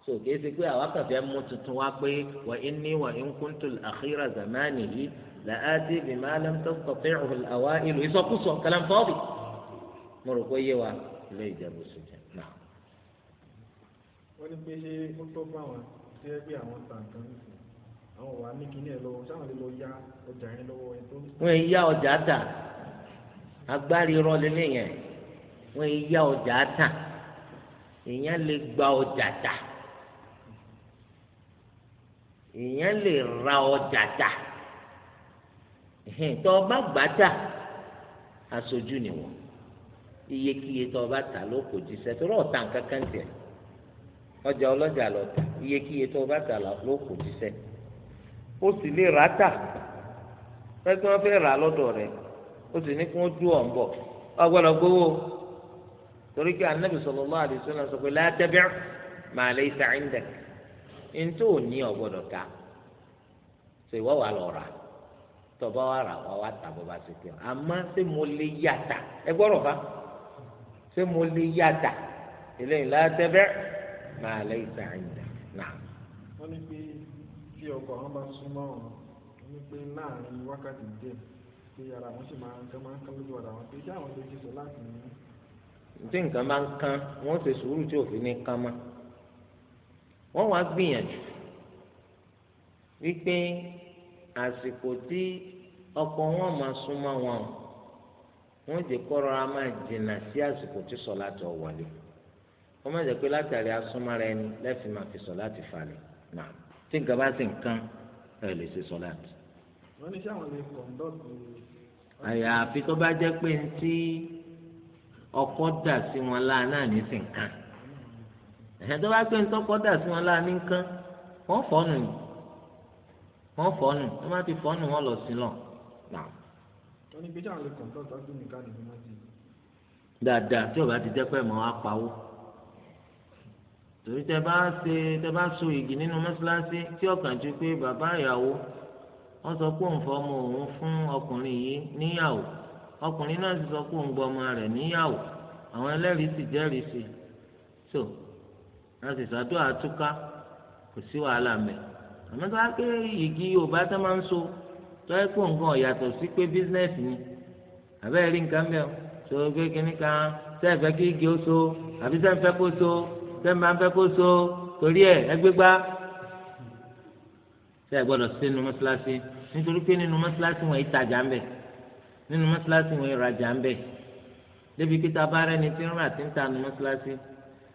so kìí ṣe pé àwa kàfẹ́ mú tuntun wá pé wà í ní wà í ń kúntù àkírà zamani yìí là á dé bí máa lẹ́m tó kọfẹ́ òhùn àwa ìlú ìsọkúsọ kàlàǹfọ́ọ̀bì mo rò pé yé wa ilé ìjẹ̀bù sí jẹ náà. wọ́n ní pé ṣé tó bá wọn tí ẹ gbé àwọn tàǹkan àwọn wà ní kíní ẹ lọ sáwọn lè lọ ya ọjà yẹn lọ́wọ́ ẹ tó. wọ́n yá ọjà tà agbárí rọlé nìyẹn wọ́n yá ọjà tà èèyàn lè gba ọjà tà. èèyàn lè ra ọjà tà tó o bá gbà tà aṣojú nìwọ iyekíye tó o bá tà ló kò jíṣẹ́ tó lọ́ọ̀tà nǹkan kan tiẹ̀ ọjà ọlọ́jà lọ iyekíye tó o bá tà ló kò jíṣẹ́ ó sì lè rà tà pẹ́ tí wọ́n fẹ́ rà lọ́dọ̀ rẹ̀ ó sì ní anabi sọ pé ntí ò ní ọ̀gbọ́dọ̀ ta ṣe ìwọ wà lọ rà tọba wà rà wà wà tà bó bá ṣe pé ọ àmọ́ ṣé mo lè yá ta ẹ gbọ́dọ̀ bá ṣé mo lè yá ta eléyìí látẹ́bẹ́ máa lè ta ìdá náà. wọ́n ní pé tí ọkọ̀ wọn bá súnmọ́ ọ̀hún wọ́n ní pé láàrin wákàtí díẹ̀ pé ara wọn sì máa ń kán máa ń kán lójú ọ̀dà wọn pé kí àwọn lè ṣe sọ láti ní. tí nǹkan máa ń kán wọ́n ṣe sùúrù tí òfin wọ́n wá gbìyànjú wípé àsìkò tí ọkọ wọn máa súnmọ́ wọn o wọ́n jẹ́ kọ́rọ̀ a máa jìnnà sí àsìkò tí sọ̀lá tó wọlé wọ́n má jẹ́ pé látàrí asúnmọ́ra ẹni lẹ́fì máa fi sọ̀lá ti falẹ̀ náà tí nǹkan bá sì ń kán ẹ̀ lè ṣe sọ̀lá tì. wọ́n ní sáwọn lè kọ̀ǹdọ́ọ̀tì. àyàfi tó bá jẹ́ pé ntí ọkọ dà sí wọn láà náà ní ẹ̀hẹ́n tó bá pé ń tọ́kọ́ dà sí wọn láàánú nǹkan wọ́n fọ́nù ni wọ́n fọ́nù wọ́n má ti fọ́nù wọn lọ sí lọ. wọ́n ní bíjà àwọn ikọ̀ tó tọ́jú nìkan ni wọ́n ti. dáadáa tí ọba ti jẹ́ pé mọ́ á pawó torí tẹ bá ṣe tẹ bá so igi nínú mọ́ṣáláṣí tí ọkàn ju pé bàbá ìyàwó wọ́n sọ pé òun fọmọ òun fún ọkùnrin yìí níyàwó ọkùnrin náà sì sọ pé òun gbọmọ rẹ̀ níyàwó àwọn ẹlẹ́rìí sì jẹ́rìí sí i so wọn sì sàdúrà àtúká kò sí wàhálà mẹ àmọ́ tó wá pé igi yorùbá tó máa ń so tó ẹ kó nǹkan ọ̀yàtọ̀ sí pé bísínẹ́sì ni àbẹ́ rí nǹkan mẹ́ o tó gbé kínní kan sẹ́ẹ̀fẹ́ kí igi ó so àbí sẹ́ẹ̀fẹ́ kó so sẹ́ẹ̀fẹ́ fẹ́ kó so torí ẹ̀ ẹgbẹ́gbá sẹ́ẹ̀ gbọ́dọ̀ sí nínú mọ́ṣáláṣí nítorí pé nínú mọ́ṣáláṣí wọn ìtajà ń bẹ nínú mọ́ṣáláṣí wọn ìrajà ń bẹ débi pé tá a bá rẹ́ni tí ń rà tí ń ta nínú mọ́ṣáláṣí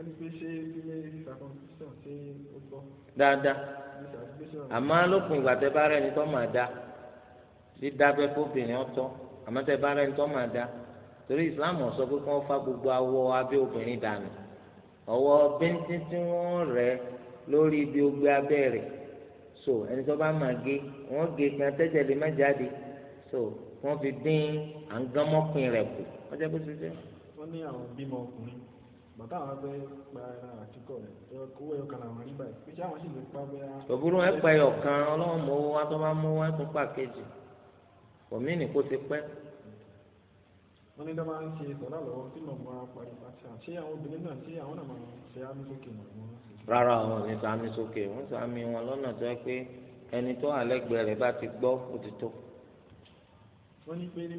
ẹni pé ṣé ilé circumcision ṣe ó gbọ́. dáadáa àmọ́ lópin ìgbà tẹ bá rẹ̀ ní tó máa dá dídábẹ́ fóbìnrin ọ̀tọ̀ àmọ́ tẹ bá rẹ̀ ní tó máa dá torí islam sọ pé kí wọ́n fá gbogbo awọ abẹ́ obìnrin dànù ọwọ́ bíntín tí wọ́n rẹ̀ lórí ibi ogbe abẹ́ rẹ̀ so ẹni tó bá máa gé wọ́n gé kan tẹ́jẹ̀ lè má jáde so wọ́n fi dín àǹgámọ́kùn rẹ̀ kù ọjọ́ bó ṣe jẹ́. wọ́n ní àwọn bímọ ọkùnrin bàtà àwọn fẹ́ pa ẹran àtìkọ rẹ owó ẹyọ kan làwọn rí báyìí pé sáwọn sì lè pa bẹ́ẹ̀. òbúrò ẹ pa ẹyọ kan ọlọ́run mọ owó wa tó bá mú wá tún pa kejì òmí ni kó ti pẹ́. wọ́n ní dábàá ń ṣe sọ̀rọ̀ lọ́wọ́ tí màmú wa parí pàṣẹ ṣé àwọn obìnrin náà ṣé àwọn náà máa ṣe àmì sókè màmú wa. rárá àwọn ò ní sàmì sókè wọ́n sàmì wọn lọ́nà tó yẹ pé ẹni tó wà lẹ́gbẹ̀ẹ́ rẹ̀ bá ti gbọ́ òtítọ́. wọ́n ní pé ní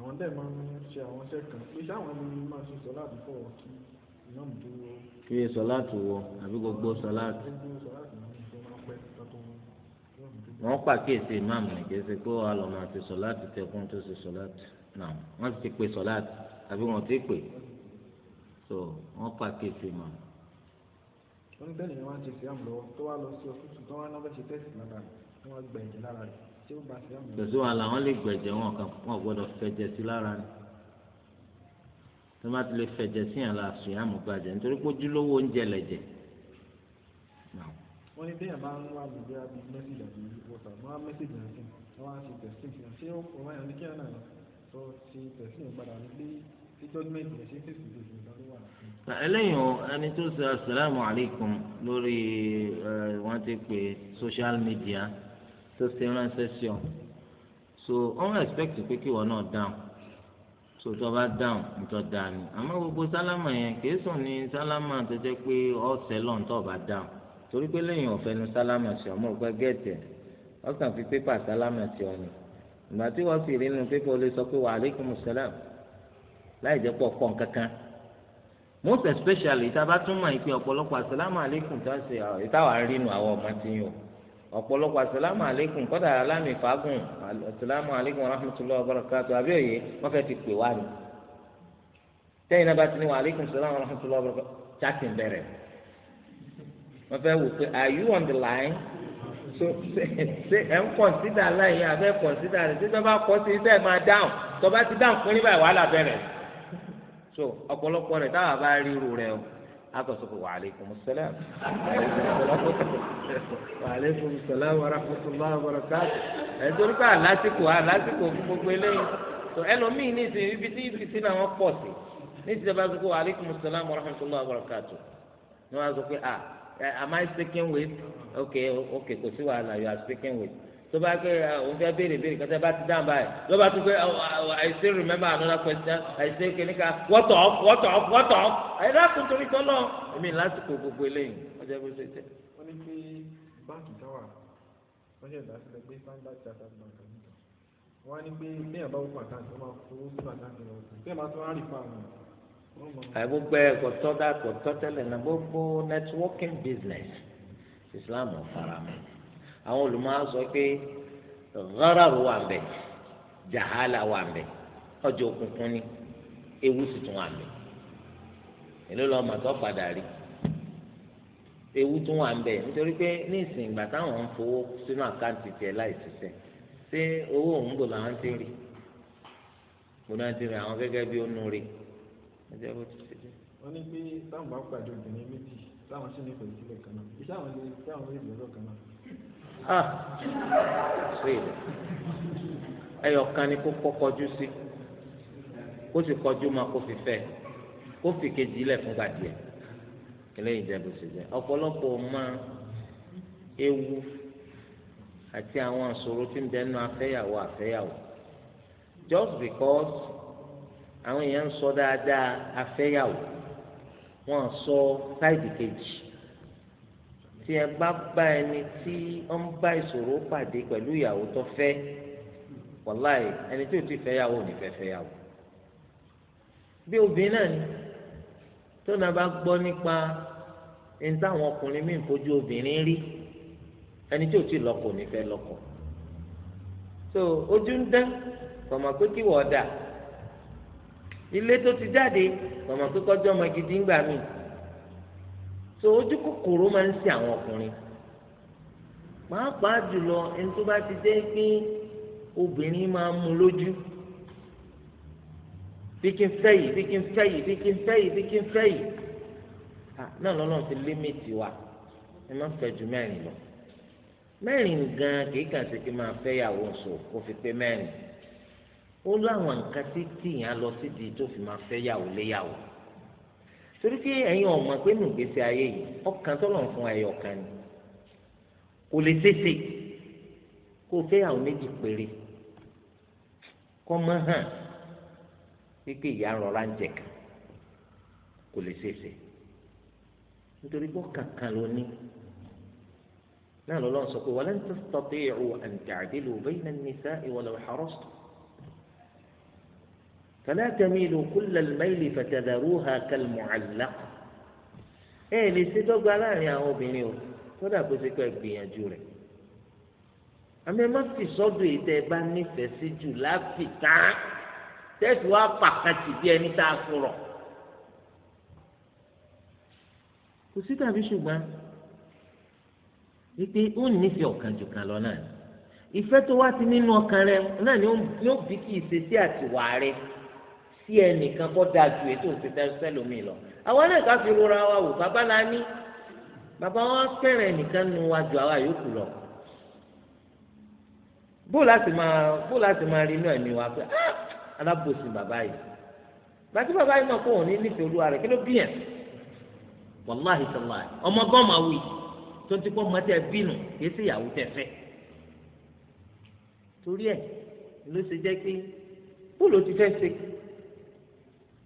àwọn dẹ̀ máa ń ṣe àwọn iṣẹ́ kan pé sáwọn ni máa ṣe sọ láti fọ̀ kí ìmáàmù tó wọ. kí ẹ sọ láti wọ àbí gbogbo sọ láti. wọ́n pàkíyèsí ìmáàmù nìkẹ́ ṣe pé wàá lọ máa ṣe sọ láti tẹkùn tó ṣe sọ láti náà wọ́n ti pè sọ láti àbí wọ́n ti pè so wọ́n pàkíyèsí ìmáàmù. wọ́n ń tẹ̀lé wọn ti fi àmì lọ́wọ́ tó wá lọ sí ọkùnrin tó wá náà bá ṣe tẹ̀sí lára rẹ̀ wọ́n gbẹ̀yìn lára rẹ̀ pẹ̀sí wa làwọn lè gbẹ̀jẹ̀ wọn kan wọn gbọ́dọ̀ fẹ̀jẹ̀ sí lára ni tó bá ti lè fẹ̀jẹ̀ sí yàn la sùn yàn mú gbàjẹ́ nítorí pé ojúlówó oúnjẹ lẹ̀jẹ̀. wọ́n ní bẹ́ẹ̀ máa ń wá gbogbo àbí mẹ́sìlì àbí wọ́tà wọ́n á mẹ́sìlì náà sí wọ́n á ṣe tẹ̀sí sí ṣé ọmọ yẹn ní kí ẹ̀rọ náà sọ ṣe tẹ̀sí yẹn ní pé tí jọ́júmẹ́ntì rẹ̀ ṣe fèsì lè ẹlẹ́yìn o ẹni tó ṣe asalaamualeykum lórí wọ́n ti pè social media tó ṣe sí ọ so wọn expect pé kí wọn náà down. so tó bá down, nítorí dání àmọ́ gbogbo sálámà yẹn kìí sùn ní sálámà tó jẹ́ pé ọ̀sẹ̀ lọ́n tó bá dáhùn torí pé lẹ́yìn ọ̀fẹ́ nu sálámà sí ọmọ ògbẹ́ gẹ̀ẹ́tì ọkàn fi pépà sálámà sí ọ ni ìgbà tí wọ́n sì rí inú pépà ó lè sọ pé wa alaikum salam láì jẹ́ pọ̀ pọ̀ kankan most especially tá a bá tún mọ̀ ìpè ọ̀pọ̀lọpọ̀ àsálámà alaikum tó ṣe ìtawà rí inú àwọn ọmọ tí yín o ọ̀pọ̀lọpọ̀ asalaamu aleykum kọ́dà alámi fàágùn asalaamu aleykum rahmatulahi wa barakatu àbí òye wọ́n fẹ́ ti pè wá ni tẹ́yìn náà bá ti ní wa aleykum salaam wa rahmatulahi wa barakatu chatting bẹ̀rẹ̀ wọ́n fẹ́ wò pé are you on the line so ṣe ẹ̀ ń kọ̀nsídà láyé abẹ́ kọ̀nsídà rẹ̀ títí wọ́n bá kọ́ sí iṣẹ́ máa dáhùn tó bá ti dáhùn fún yín báyìí wàhálà bẹ̀rẹ̀ so ọ̀pọ̀lọpọ̀ rẹ̀ táwa bá rí irú rẹ̀ o akọsọkọ wa aleykum salaam wa aleykum salaam wa rahmatulah wa barakatuh ẹtọ́ni pé alásìkò alásìkò gbogbo eléyìí tó ẹlòmíì ní ìsìn ibi tí ibi tí làwọn pọ̀ sí ní ìsìn ìjọba sọ́kọ́ wa aleykum salaam wa rahmatulah wa barakatuh ni wọ́n á sọ pé ah am I speaking with okay okay kò sí wàhálà you are speaking with tó bá pé òun fẹ́ béèrè béèrè kẹtẹ bá ti dáhùn báyìí ló bá tún I still remember another question I still kìnnìkà what up what up what up àyẹ̀dá kò torí tọ́lọ̀ èmi lásìkò gbogbo eléyìí ọjọ́ bó ṣe jẹ́. wọ́n ní pé báńkì táwà wọ́n ṣẹ̀dá sílẹ̀ pé standard chartered bank wọ́n ní pé bẹ́ẹ̀ bá wọ́pọ̀ àkáǹtì wọ́n máa fowó sínú àkáǹtì lọ bẹ́ẹ̀ máa tún á rí fáwọn àgbègbè ẹ̀kọ́ tọ́ dà kọ́ tọ́ tẹ́lẹ̀ náà gbogbo networking business Islam ò faramọ́ àwọn olùmọ̀ á sọ pé ghararu wà mbẹ jahala wà mbẹ ọjọ́ òkùnkùn ni ewu sì tún wà mbẹ èló lọ mà tó padà rí ewu tún wà mbẹ nítorí pé ní ìsìn ìgbà táwọn ń fowó sínú àkáǹtì tiẹ̀ láì ṣiṣẹ́ ṣé owó òun bò làwọn ti rí bò náà ti rí àwọn gẹ́gẹ́ bí ó rí wọ́n ní pé táwọn bá pàdé obìnrin méjì táwọn sì nífẹ̀ẹ́ sílẹ̀ kan náà iṣẹ́ àwọn ilé iṣẹ́ kan náà ah sweet ẹyọkan ni kó kọkọjú sí kó sì kọjú máa kó fi fẹ kó fi kejì lẹ fún gbàdìẹ eléyìí jẹ bó ṣe jẹ ọ̀pọ̀lọpọ̀ máa ewu àti àwọn àṣòro tí ń bẹ nínú afẹ́yàwó afẹ́yàwó just because àwọn èèyàn ń sọ dáadáa afẹ́yàwó wọ́n sọ sáìdì kejì. So tí ẹ bá bá ẹni tí ó ń bá ìṣòro pàdé pẹ̀lú ìyàwó tó fẹ́ wàláì ẹni tí ò ti fẹ́ yàwó ò ní fẹ́ fẹ́ yàwó bí obìnrin náà ni tó náà bá gbọ́ nípa ẹni táwọn ọkùnrin míì fojú obìnrin rí ẹni tí ò ti lọ́kọ ní fẹ́ so ojú ń dán kọ̀mọ̀ pé kí wọ́n dà ilé ti jáde kọ̀mọ̀ pé ọmọ gidi ń gbà míì. so ojú kòkòrò máa ń ṣe àwọn ọkùnrin pàápàá jùlọ ẹni tó bá ti jẹ́ pé obìnrin máa ń mú lójú bí kí n fẹ́ yìí bí kí n fẹ́ yìí bí kí n fẹ́ yìí bí kí n fẹ́ yìí náà lọ́nà ti límìtì wa ẹ má fẹ́ ju mẹ́rin lọ mẹ́rin gan kì í kàn sí kí n máa fẹ́ yàwó sùn kó fi pé mẹ́rin ó láwọn nǹkan tí tìyàn lọ sídìí tó fi máa fẹ́ yàwó léyàwó torí pé ẹ̀yin ọ̀mọ̀ pé nù gbèsè ayé yìí ọkàn tọ́lọ̀ ń fún ẹ̀yọ̀ kan ni kò lè tètè kó o fẹ́yàwó méjì péré kọ́ mọ́ hàn pípé ìyá rọra ń jẹ̀ka kò lè tètè nítorí bọ́ kankan ló ní náà lọ́lọ́ sọ pé walan tastati'u an ta'dilu bayna an-nisa'i walaw harastu. فلا تميلوا كل الميل فتذروها كالمعلقة ẹ lè ṣe dọ́gba láàrin àwọn obìnrin o kódà kó ṣe pé gbìyànjú rẹ̀ àmì ẹ má fi sọ́dọ̀ èyí tẹ́ ẹ bá nífẹ̀ẹ́ sí jù láfìká tẹ́sí wá pàkàtì bí ẹni tá a sọ̀rọ̀ kò sí tàbí ṣùgbọ́n wípé ó nífẹ̀ẹ́ ọ̀kan jù kan lọ náà ìfẹ́ tó wá sí nínú ọkàn rẹ náà ni ó bí kì í ṣe sí àtiwá rẹ sí ẹnìkan kọ́ da ju ètò òṣèlú sẹ́lómi lọ àwọn náà ká fi rora wa wò bàbá la ní bàbá wa fẹ́ràn ẹnìkan nu wa ju àwa yòókù lọ bó láti máa bó láti máa rí inú ẹ̀mí wa pé ah, alábòsùn bàbá yìí bàtí bàbá yìí máa kó òun ní nífẹ̀ẹ́ olúwa rẹ̀ kí ló bí yẹn wàláhì sàláì ọmọ gan máa wí tó ti kọ́ ọmọ tẹ bínú kìí sí ìyàwó tẹ fẹ́ torí ẹ̀ ló ṣe jẹ́ pé bó ti fẹ́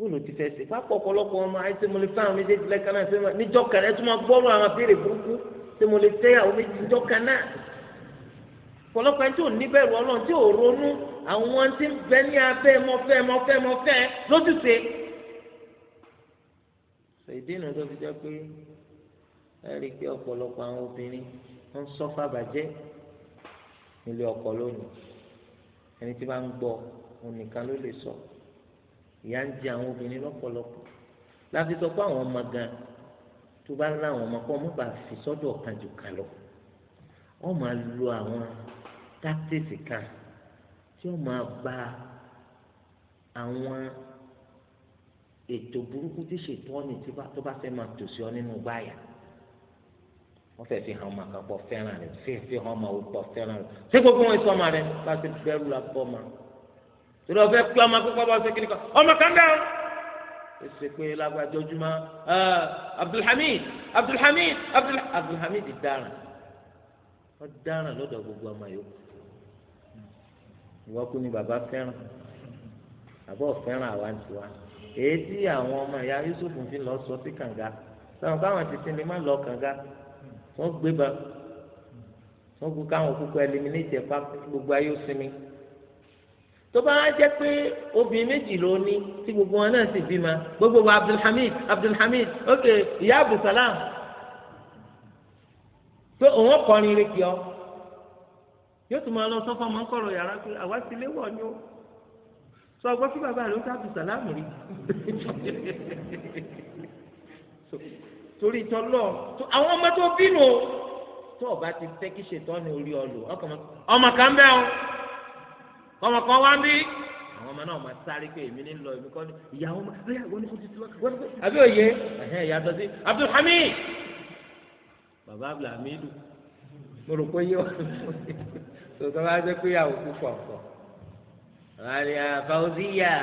fóònù ti fẹ́ ṣe pápọ̀ ọ̀pọ̀lọpọ̀ ọmọ àìsè mo lè fẹ́ àwọn méjèèjì lẹ́ẹ̀kan náà ṣe máa níjọ́ kan ẹ̀ tún máa gbọ́rọ̀ àwọn abéèrè burúkú ṣe mo lè fẹ́ àwọn méjì níjọ́ kan náà ọ̀pọ̀lọpọ̀ ẹni tí ò ní bẹ̀rù ọlọ́run tí ò ronú àwọn tí ń bẹ ní abẹ́ mọ́fẹ́ mọ́fẹ́ mọ́fẹ́ lójúṣe. ìdí ìnà tó fi jẹ́ pé ẹ rí i pé ọ̀pọ̀lọpọ̀ àwọn obìnrin wọ́n ń sọ́fà bàjẹ́ nílé ọkọ lónìí ẹni tí bá ń gbọ́ òun nìkan ló lè sọ̀rọ̀ ìyá ń jẹ àwọn obìnrin lọ́pọ̀lọpọ̀ láti sọ pé àwọn ọmọ gan tó bá rán àwọn ọmọ kọ́ mọ́ bá fi sọ́dọ̀ kan jù kan lọ wọ́n máa lo àwọn táktíìsì kan tí wọ́n máa ba àwọn ètò burúkú tí ṣètò ọ̀nì tó bá fẹ́ máa tòṣì ọ nínú gbáyà wọ́n fẹ́ fi hàn ọmọ àkàpọ̀ fẹ́ràn rẹ̀ fi hàn ọmọ òkpọ̀ fẹ́ràn rẹ̀ ṣé gbogbo wọn sọ ọmọ rẹ̀ bá bẹ́rù la bọ́ torí ọfẹ pé ọmọ akókò bá ọsẹ kiri kan ọmọ kan bẹ ọ ẹsẹ pé lágbàjọ juma abdulhamid abdulhamid abdulhamid dáràn ọ dáràn lọ́dọ̀ gbogbo ọmọ yòókù ìwọ kú ni bàbá fẹ́ràn àbọ fẹ́ràn àwa tiwa èyí tí àwọn ọmọ ìyá yusuf fi lọ sọ sí kànga sọ káwọn títí ni má lọ kànga wọn gbé ba wọn kú káwọn kúkú ẹlẹmìnìtì ẹ pa gbogbo ayé ó sinmi tó bá wá jẹ́ pé obìnrin méjì ló ní tí gbogbo wọn náà sì bímọ gbogbo wa abdulhamid abdulhamid ok ìyá abdulsalam pé òun ọkọrin rẹ kí ọ yóò tún máa lọ sọ fún ọmọ ńkọrọ yàrá pé àwa ti lé wọ ni ó sọ ọgbọ́n tí bàbá rẹ ó sábì sàlámù rí torí tọlọ àwọn ọmọ tó bínú tó ọba ti fẹ́ kí ṣètọ́ ni orí ọ lò ọmọ kan bẹ́ẹ̀ o kọ́mọ kan wá ń bí àwọn ọmọ náà máa sáré pé èmi ní lọ èmi kọ́ ni ìyàwó máa bẹ́ẹ̀ wọ́n ní kó ti tiwa wọ́n ti àbí òye ẹ̀hẹ́n ìyàtọ̀ sí Abdulhamid bàbá Abdulhamid mo rò pé yé wa tó tó bá jẹ́ pé ìyàwó púpọ̀ pọ̀ àríyá ah, Fauziya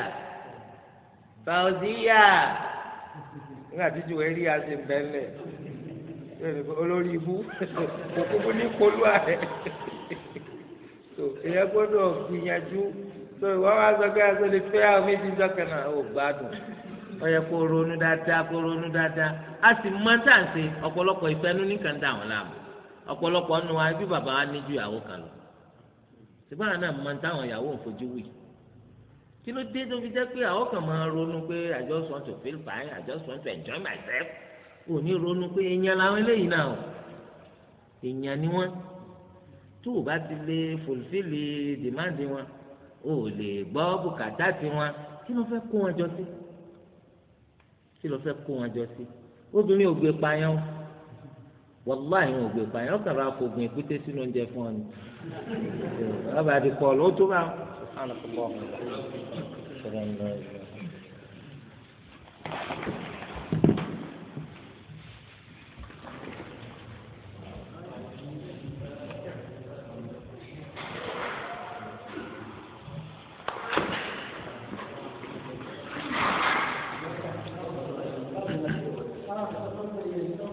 Fauziya nígbà tí ju eré àti bẹ́lẹ̀ olórí ibú òkúkú ní polúwa rẹ̀ tó èyẹ gbọ́dọ̀ gbìyànjú tó ìwọ wá sọ pé aṣọ lè fẹ́ àwọn méjì sọ́kàn náà ó gbádùn ọyẹ kó ronú dáadáa kó ronú dáadáa a sì mọ táǹsì ọ̀pọ̀lọpọ̀ ìfẹ́nu nìkan dà wọ́n láàmú ọ̀pọ̀lọpọ̀ nù wa bí bàbá wa níjú ìyàwó kan lọ ṣùgbọ́n àná mọ táwọn ìyàwó ń fojú wì kí ló dé tó fi jẹ́ pé àwọn kan máa ronú pé I just want to feel fine I just want to enjoy myself ò ní ronú pé èèyàn làwọn eléyìí náà èèyàn ni wọ́n tó o bá ti lè fòlùfìlì dìmáàdì wọn o ò lè gbọ́ bùkátà tiwọn kí ló fẹ́ kó wọn jọ sí kí ló fẹ́ kó wọn jọ sí obìnrin ò gbé payán wàláì wọn ò gbé payán ọkàn rà kó gun èkúté sínú oúnjẹ fún ọ ni ọba àti kọlù ó tó bá wọn.